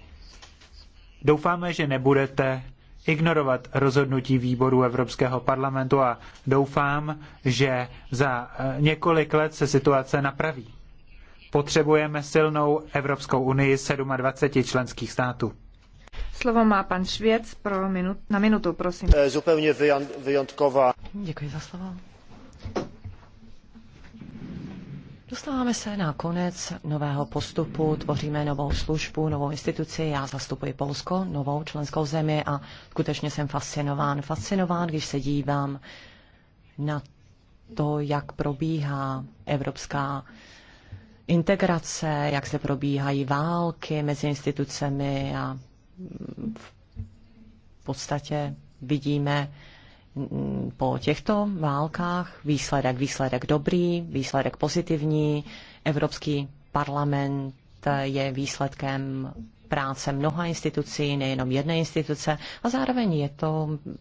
Doufáme, že nebudete ignorovat rozhodnutí výboru Evropského parlamentu a doufám, že za eh, několik let se situace napraví. Potřebujeme silnou Evropskou unii 27 členských států. Slovo má pan Švěc pro minut, na minutu, prosím. Eh, zupełnie wyjątkowa. Děkuji za slovo. Dostáváme se na konec nového postupu, tvoříme novou službu, novou instituci. Já zastupuji Polsko, novou členskou zemi a skutečně jsem fascinován. Fascinován, když se dívám na to, jak probíhá evropská integrace, jak se probíhají války mezi institucemi a v podstatě vidíme po těchto válkách výsledek, výsledek dobrý, výsledek pozitivní. Evropský parlament je výsledkem práce mnoha institucí, nejenom jedné instituce, a zároveň je to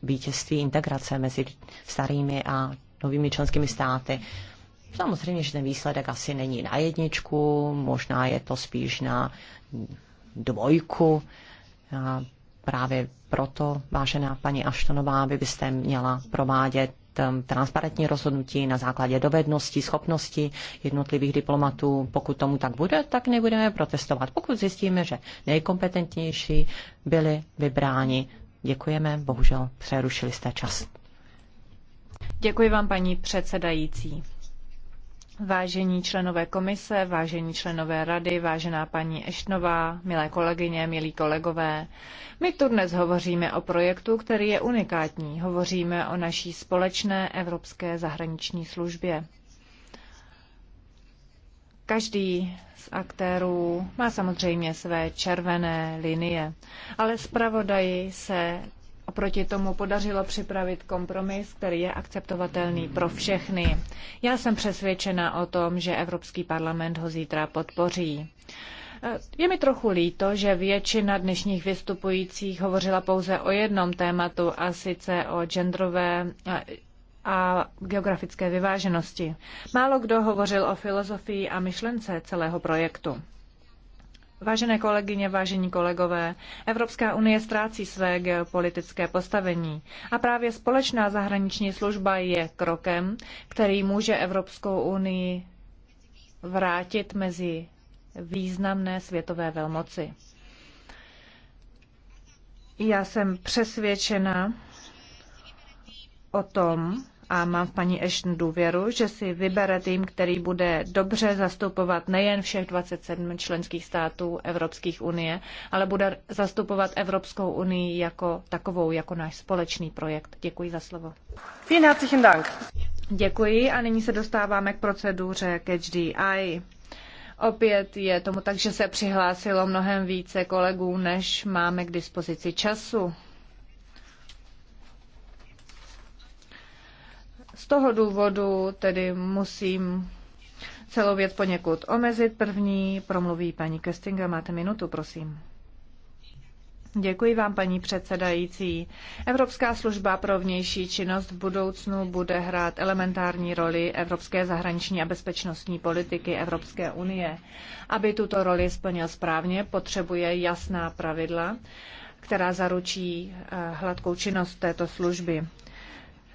vítězství integrace mezi starými a novými členskými státy. Samozřejmě, že ten výsledek asi není na jedničku, možná je to spíš na dvojku. A právě proto, vážená paní Aštonová, vy byste měla provádět um, transparentní rozhodnutí na základě dovedností, schopností jednotlivých diplomatů. Pokud tomu tak bude, tak nebudeme protestovat. Pokud zjistíme, že nejkompetentnější byli vybráni, děkujeme. Bohužel přerušili jste čas. Děkuji vám, paní předsedající vážení členové komise, vážení členové rady, vážená paní Eštnová, milé kolegyně, milí kolegové. My tu dnes hovoříme o projektu, který je unikátní. Hovoříme o naší společné evropské zahraniční službě. Každý z aktérů má samozřejmě své červené linie, ale zpravodaji se oproti tomu podařilo připravit kompromis, který je akceptovatelný pro všechny. Já jsem přesvědčena o tom, že Evropský parlament ho zítra podpoří. Eh, je mi trochu líto, že většina dnešních vystupujících hovořila pouze o jednom tématu, a sice o genderové eh, a geografické vyváženosti. Málo kdo hovořil o filozofii a myšlence celého projektu. Vážené kolegyně, vážení kolegové, Evropská unie ztrácí své geopolitické postavení a právě společná zahraniční služba je krokem, který může Evropskou unii vrátit mezi významné světové velmoci. Já jsem přesvědčena o tom, a mám v paní Ashton důvěru, že si vybere tým, který bude dobře zastupovat nejen všech 27 členských států Evropských unie, ale bude zastupovat Evropskou unii jako takovou, jako náš společný projekt. Děkuji za slovo. Vielen herzlichen Dank. Děkuji a nyní se dostáváme k proceduře Catch the Eye. Opět je tomu tak, že se přihlásilo mnohem více kolegů, než máme k dispozici času. Z toho důvodu tedy musím celou věc poněkud omezit. První promluví paní Kestinga. Máte minutu, prosím. Děkuji vám, paní předsedající. Evropská služba pro vnější činnost v budoucnu bude hrát elementární roli evropské zahraniční a bezpečnostní politiky Evropské unie. Aby tuto roli splnil správně, potřebuje jasná pravidla, která zaručí eh, hladkou činnost této služby.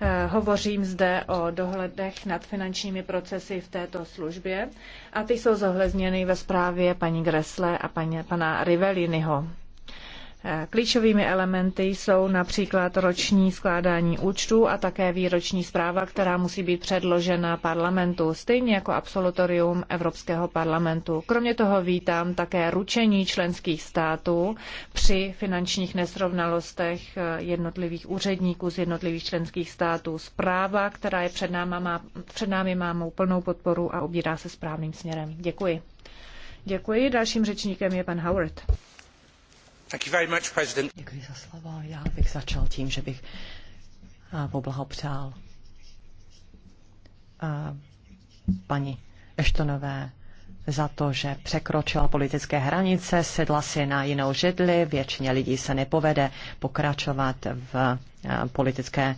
Eh, hovořím zde o dohledech nad finančními procesy v této službě a ty jsou zohledněny ve zprávě paní Gresle a paní, pana Riveliniho. Eh, klíčovými elementy jsou například roční skládání účtů a také výroční zpráva, která musí být předložena parlamentu, stejně jako absolutorium Evropského parlamentu. Kromě toho vítám také ručení členských států při finančních nesrovnalostech eh, jednotlivých úředníků z jednotlivých členských států. Zpráva, která je před, náma, má, před námi, má mou plnou podporu a ubírá se správným směrem. Děkuji. Děkuji. Dalším řečníkem je pan Howard. Děkuji za slovo. Já bych začal tím, že bych poblahopřál paní Eštonové za to, že překročila politické hranice, sedla si na jinou židli, většině lidí se nepovede pokračovat v politické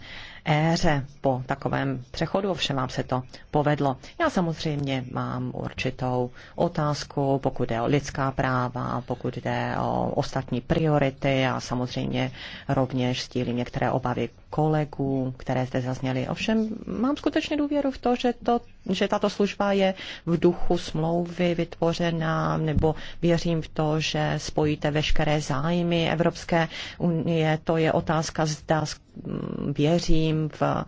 éře po takovém přechodu, ovšem vám se to povedlo. Já samozřejmě mám určitou otázku, pokud jde o lidská práva, pokud jde o ostatní priority a samozřejmě rovněž stílím některé obavy kolegů, které zde zazněly. Ovšem mám skutečně důvěru v to, že to že tato služba je v duchu smlouvy vytvořena, nebo věřím v to, že spojíte veškeré zájmy Evropské unie. To je otázka, zda věřím v eh,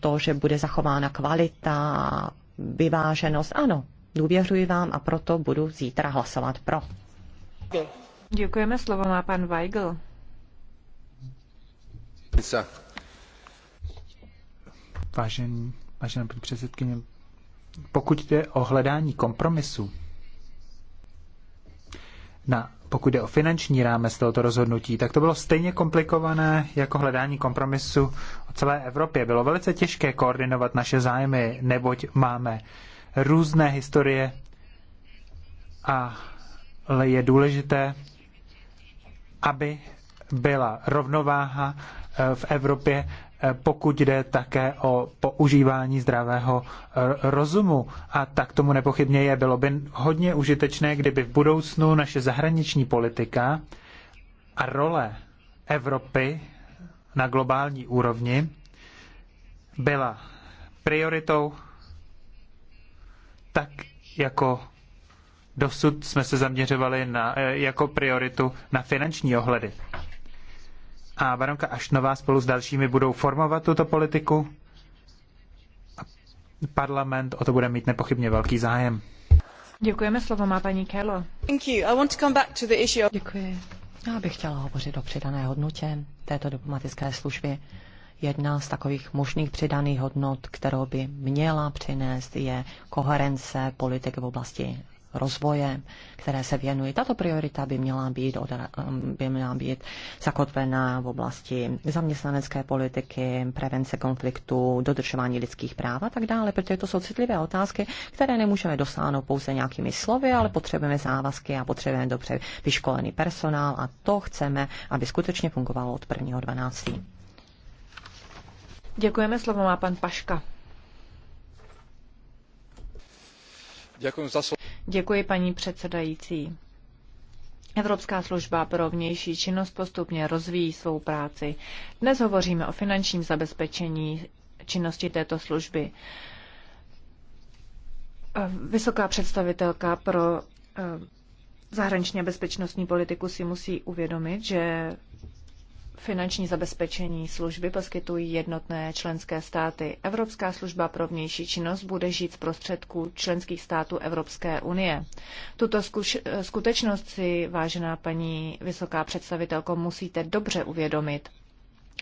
to, že bude zachována kvalita, vyváženost. Ano, důvěřuji vám a proto budu zítra hlasovat pro. Děkujeme, slovo má pan Weigl. Vážení vážená paní předsedkyně, pokud jde o hledání kompromisu, na, pokud jde o finanční rámec tohoto rozhodnutí, tak to bylo stejně komplikované jako hledání kompromisu o celé Evropě. Bylo velice těžké koordinovat naše zájmy, neboť máme různé historie a ale je důležité, aby byla rovnováha eh, v Evropě pokud jde také o používání zdravého eh, rozumu. A tak tomu nepochybně je. Bylo by hodně užitečné, kdyby v budoucnu naše zahraniční politika a role Evropy na globální úrovni byla prioritou, tak jako dosud jsme se zaměřovali na, eh, jako prioritu na finanční ohledy a baronka Ašnová spolu s dalšími budou formovat tuto politiku. Parlament o to bude mít nepochybně velký zájem. Děkujeme, slovo má paní Kelo. Děkuji. Já bych chtěla hovořit o přidané hodnotě této diplomatické služby. Jedna z takových možných přidaných hodnot, kterou by měla přinést, je koherence politik v oblasti rozvoje, které se věnují. Tato priorita by měla být, um, by měla být zakotvená v oblasti zaměstnanecké politiky, prevence konfliktu, dodržování lidských práv a tak dále, protože to jsou citlivé otázky, které nemůžeme dosáhnout pouze nějakými slovy, ale potřebujeme závazky a potřebujeme dobře vyškolený personál a to chceme, aby skutečně fungovalo od 1.12. Děkujeme, slovo má pan Paška. Děkuji, paní předsedající. Evropská služba pro vnější činnost postupně rozvíjí svou práci. Dnes hovoříme o finančním zabezpečení činnosti této služby. Vysoká představitelka pro eh, zahraničně bezpečnostní politiku si musí uvědomit, že finanční zabezpečení služby poskytují jednotné členské státy. Evropská služba pro vnější činnost bude žít z prostředků členských států Evropské unie. Tuto skutečnost si, vážená paní vysoká představitelko, musíte dobře uvědomit.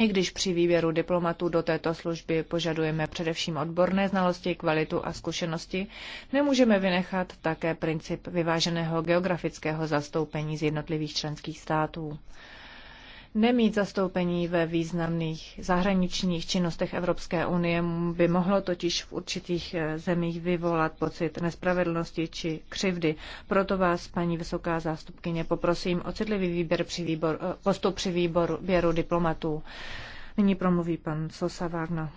I když při výběru diplomatů do této služby požadujeme především odborné znalosti, kvalitu a zkušenosti, nemůžeme vynechat také princip vyváženého geografického zastoupení z jednotlivých členských států. Nemít zastoupení ve významných zahraničních činnostech Evropské unie by mohlo totiž v určitých eh, zemích vyvolat pocit nespravedlnosti či křivdy. Proto vás, paní vysoká zástupkyně, poprosím o citlivý výběr při výbor, eh, postup při výboru běru diplomatů. Nyní promluví pan Sosa Varna.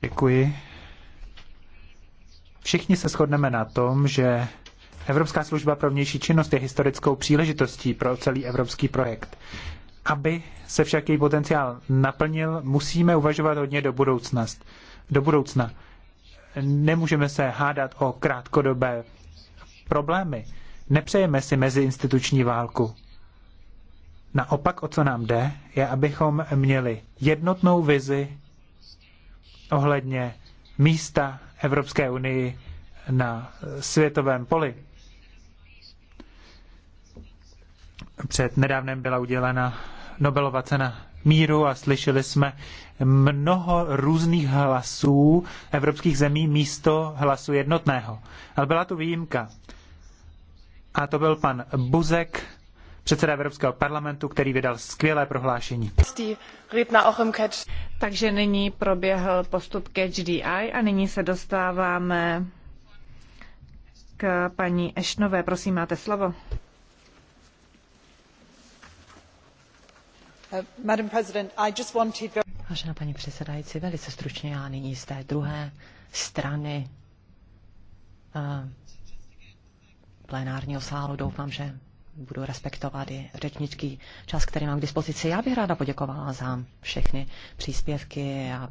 Děkuji. Všichni se shodneme na tom, že Evropská služba pro vnější činnost je historickou příležitostí pro celý evropský projekt. Aby se však její potenciál naplnil, musíme uvažovat hodně do, budoucnost, do budoucna. Nemůžeme se hádat o krátkodobé problémy. Nepřejeme si meziinstituční válku. Naopak, o co nám jde, je, abychom měli jednotnou vizi ohledně místa Evropské unii na světovém poli. Před nedávnem byla udělena Nobelova cena míru a slyšeli jsme mnoho různých hlasů evropských zemí místo hlasu jednotného. Ale byla tu výjimka. A to byl pan Buzek, předseda Evropského parlamentu, který vydal skvělé prohlášení. Takže nyní proběhl postup Catch DI a nyní se dostáváme k paní Ešnové. Prosím, máte slovo. Uh, Vážená paní předsedající, velice stručně já nyní z té druhé strany eh, plenárního sálu. Doufám, že budu respektovat i řečnický čas, který mám k dispozici. Já bych ráda poděkovala za všechny příspěvky a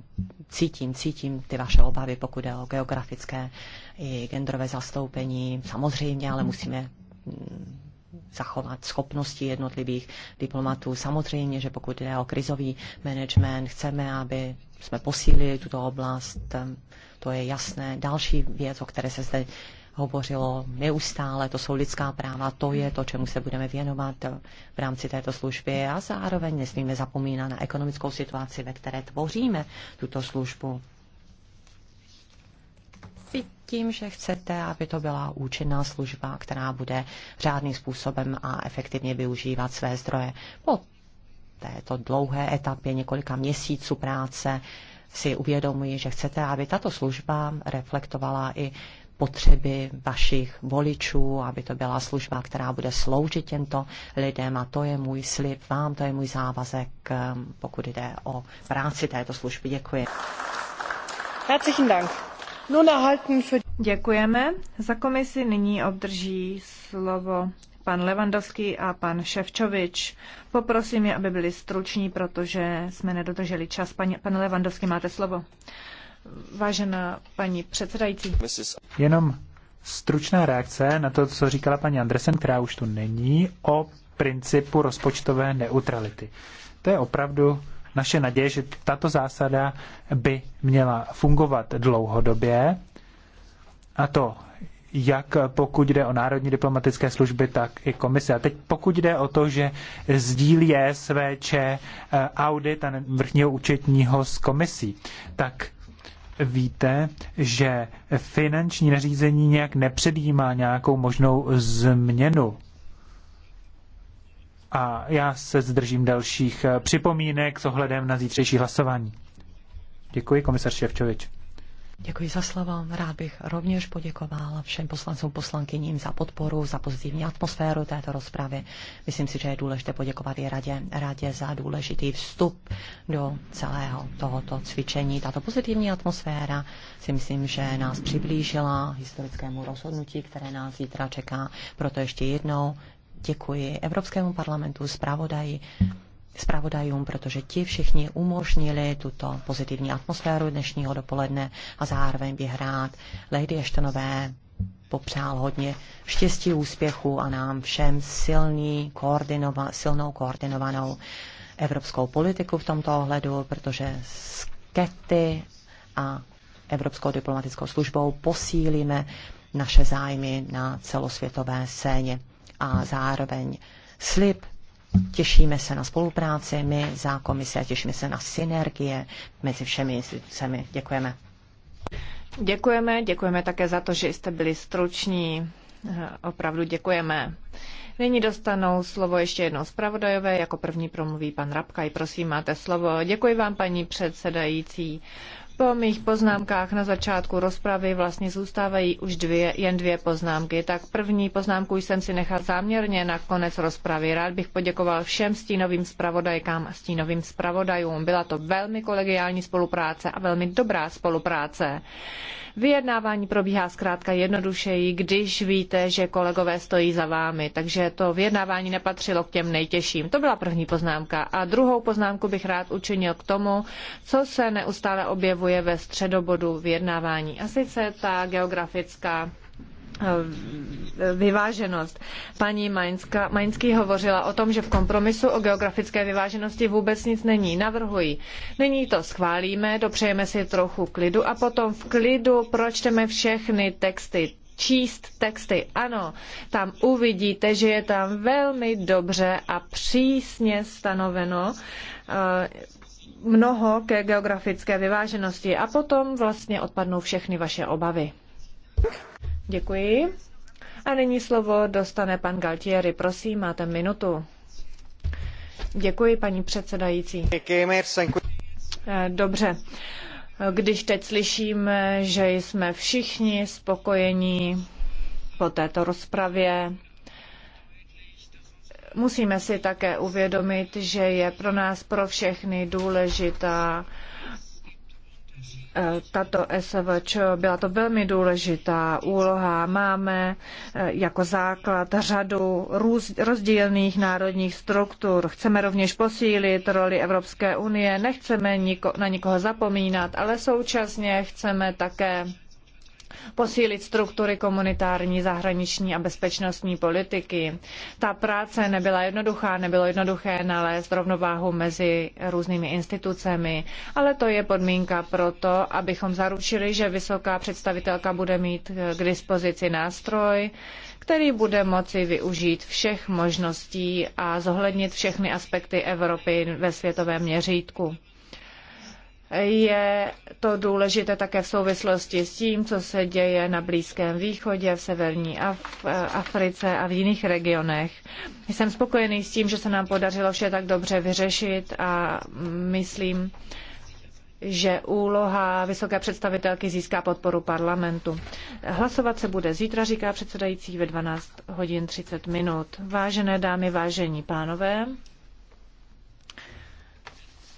cítím, cítím ty vaše obavy, pokud je o geografické i genderové zastoupení. Samozřejmě, ale musíme mm, zachovat schopnosti jednotlivých diplomatů. Samozřejmě, že pokud jde o krizový management, chceme, aby jsme posílili tuto oblast, ehm, to je jasné. Další věc, o které se zde hovořilo neustále, to jsou lidská práva, to je to, čemu se budeme věnovat ehm, v rámci této služby a zároveň nesmíme zapomínat na ekonomickou situaci, ve které tvoříme tuto službu tím, že chcete, aby to byla účinná služba, která bude řádným způsobem a efektivně využívat své zdroje. Po této dlouhé etapě několika měsíců práce si uvědomuji, že chcete, aby tato služba reflektovala i potřeby vašich voličů, aby to byla služba, která bude sloužit těmto lidem a to je můj slib vám, to je můj závazek, um, pokud jde o práci této služby. Děkuji. Herzlichen Dank. Děkujeme. Za komisi nyní obdrží slovo pan Levandovský a pan Ševčovič. Poprosím je, aby byli struční, protože jsme nedodrželi čas. Pani, pan Levandovský, máte slovo. Vážená paní předsedající. Jenom stručná reakce na to, co říkala paní Andresen, která už tu není, o principu rozpočtové neutrality. To je opravdu naše naděje, že tato zásada by měla fungovat dlouhodobě, a to jak pokud jde o národní diplomatické služby, tak i komise. A teď pokud jde o to, že sdílí SVČ eh, audit a vrchního účetního s komisí, tak víte, že finanční nařízení nějak nepředjímá nějakou možnou změnu a já se zdržím dalších eh, připomínek s ohledem na zítřejší hlasování. Děkuji, komisař Ševčovič. Děkuji za slova. Rád bych rovněž poděkoval všem poslancům poslankyním za podporu, za pozitivní atmosféru této rozpravy. Myslím si, že je důležité poděkovat i radě, radě za důležitý vstup do celého tohoto cvičení. Tato pozitivní atmosféra si myslím, že nás přiblížila historickému rozhodnutí, které nás zítra čeká. Proto ještě jednou děkuji Evropskému parlamentu, zpravodaji, zpravodajům, protože ti všichni umožnili tuto pozitivní atmosféru dnešního dopoledne a zároveň bych rád Lady Eštonové popřál hodně štěstí, úspěchu a nám všem silný, koordinova, silnou koordinovanou evropskou politiku v tomto ohledu, protože s Kety a Evropskou diplomatickou službou posílíme naše zájmy na celosvětové scéně a zároveň slib. Těšíme se na spolupráci my za komise a těšíme se na synergie mezi všemi institucemi. Děkujeme. Děkujeme, děkujeme také za to, že jste byli struční. Opravdu děkujeme. Nyní dostanou slovo ještě jednou zpravodajové. Jako první promluví pan Rabkaj. Prosím, máte slovo. Děkuji vám, paní předsedající. Po mých poznámkách na začátku rozpravy vlastně zůstávají už dvě, jen dvě poznámky. Tak první poznámku jsem si nechal záměrně na konec rozpravy. Rád bych poděkoval všem stínovým zpravodajkám a stínovým zpravodajům. Byla to velmi kolegiální spolupráce a velmi dobrá spolupráce. Vyjednávání probíhá zkrátka jednodušeji, když víte, že kolegové stojí za vámi, takže to vyjednávání nepatřilo k těm nejtěžším. To byla první poznámka. A druhou poznámku bych rád učinil k tomu, co se neustále objevuje ve středobodu vyjednávání. A sice ta geografická Eh, vyváženost. Paní Majnská, Majnský hovořila o tom, že v kompromisu o geografické vyváženosti vůbec nic není. Navrhuji. Nyní to schválíme, dopřejeme si trochu klidu a potom v klidu pročteme všechny texty číst texty. Ano, tam uvidíte, že je tam velmi dobře a přísně stanoveno eh, mnoho ke geografické vyváženosti a potom vlastně odpadnou všechny vaše obavy. Děkuji. A nyní slovo dostane pan Galtieri. Prosím, máte minutu. Děkuji, paní předsedající. Dobře. Když teď slyšíme, že jsme všichni spokojení po této rozpravě, musíme si také uvědomit, že je pro nás pro všechny důležitá E, tato SVČ, byla to velmi důležitá úloha. Máme e, jako základ řadu růz rozdílných národních struktur. Chceme rovněž posílit roli Evropské unie, nechceme na nikoho zapomínat, ale současně chceme také posílit struktury komunitární, zahraniční a bezpečnostní politiky. Ta práce nebyla jednoduchá, nebylo jednoduché nalézt rovnováhu mezi různými institucemi, ale to je podmínka pro to, abychom zaručili, že vysoká představitelka bude mít eh, k dispozici nástroj, který bude moci využít všech možností a zohlednit všechny aspekty Evropy ve světovém měřítku. Je to důležité také v souvislosti s tím, co se děje na Blízkém východě, v severní Af- Africe a v jiných regionech. Jsem spokojený s tím, že se nám podařilo vše tak dobře vyřešit a myslím, že úloha vysoké představitelky získá podporu parlamentu. Hlasovat se bude zítra, říká předsedající ve 12 hodin 30 minut. Vážené dámy, vážení pánové,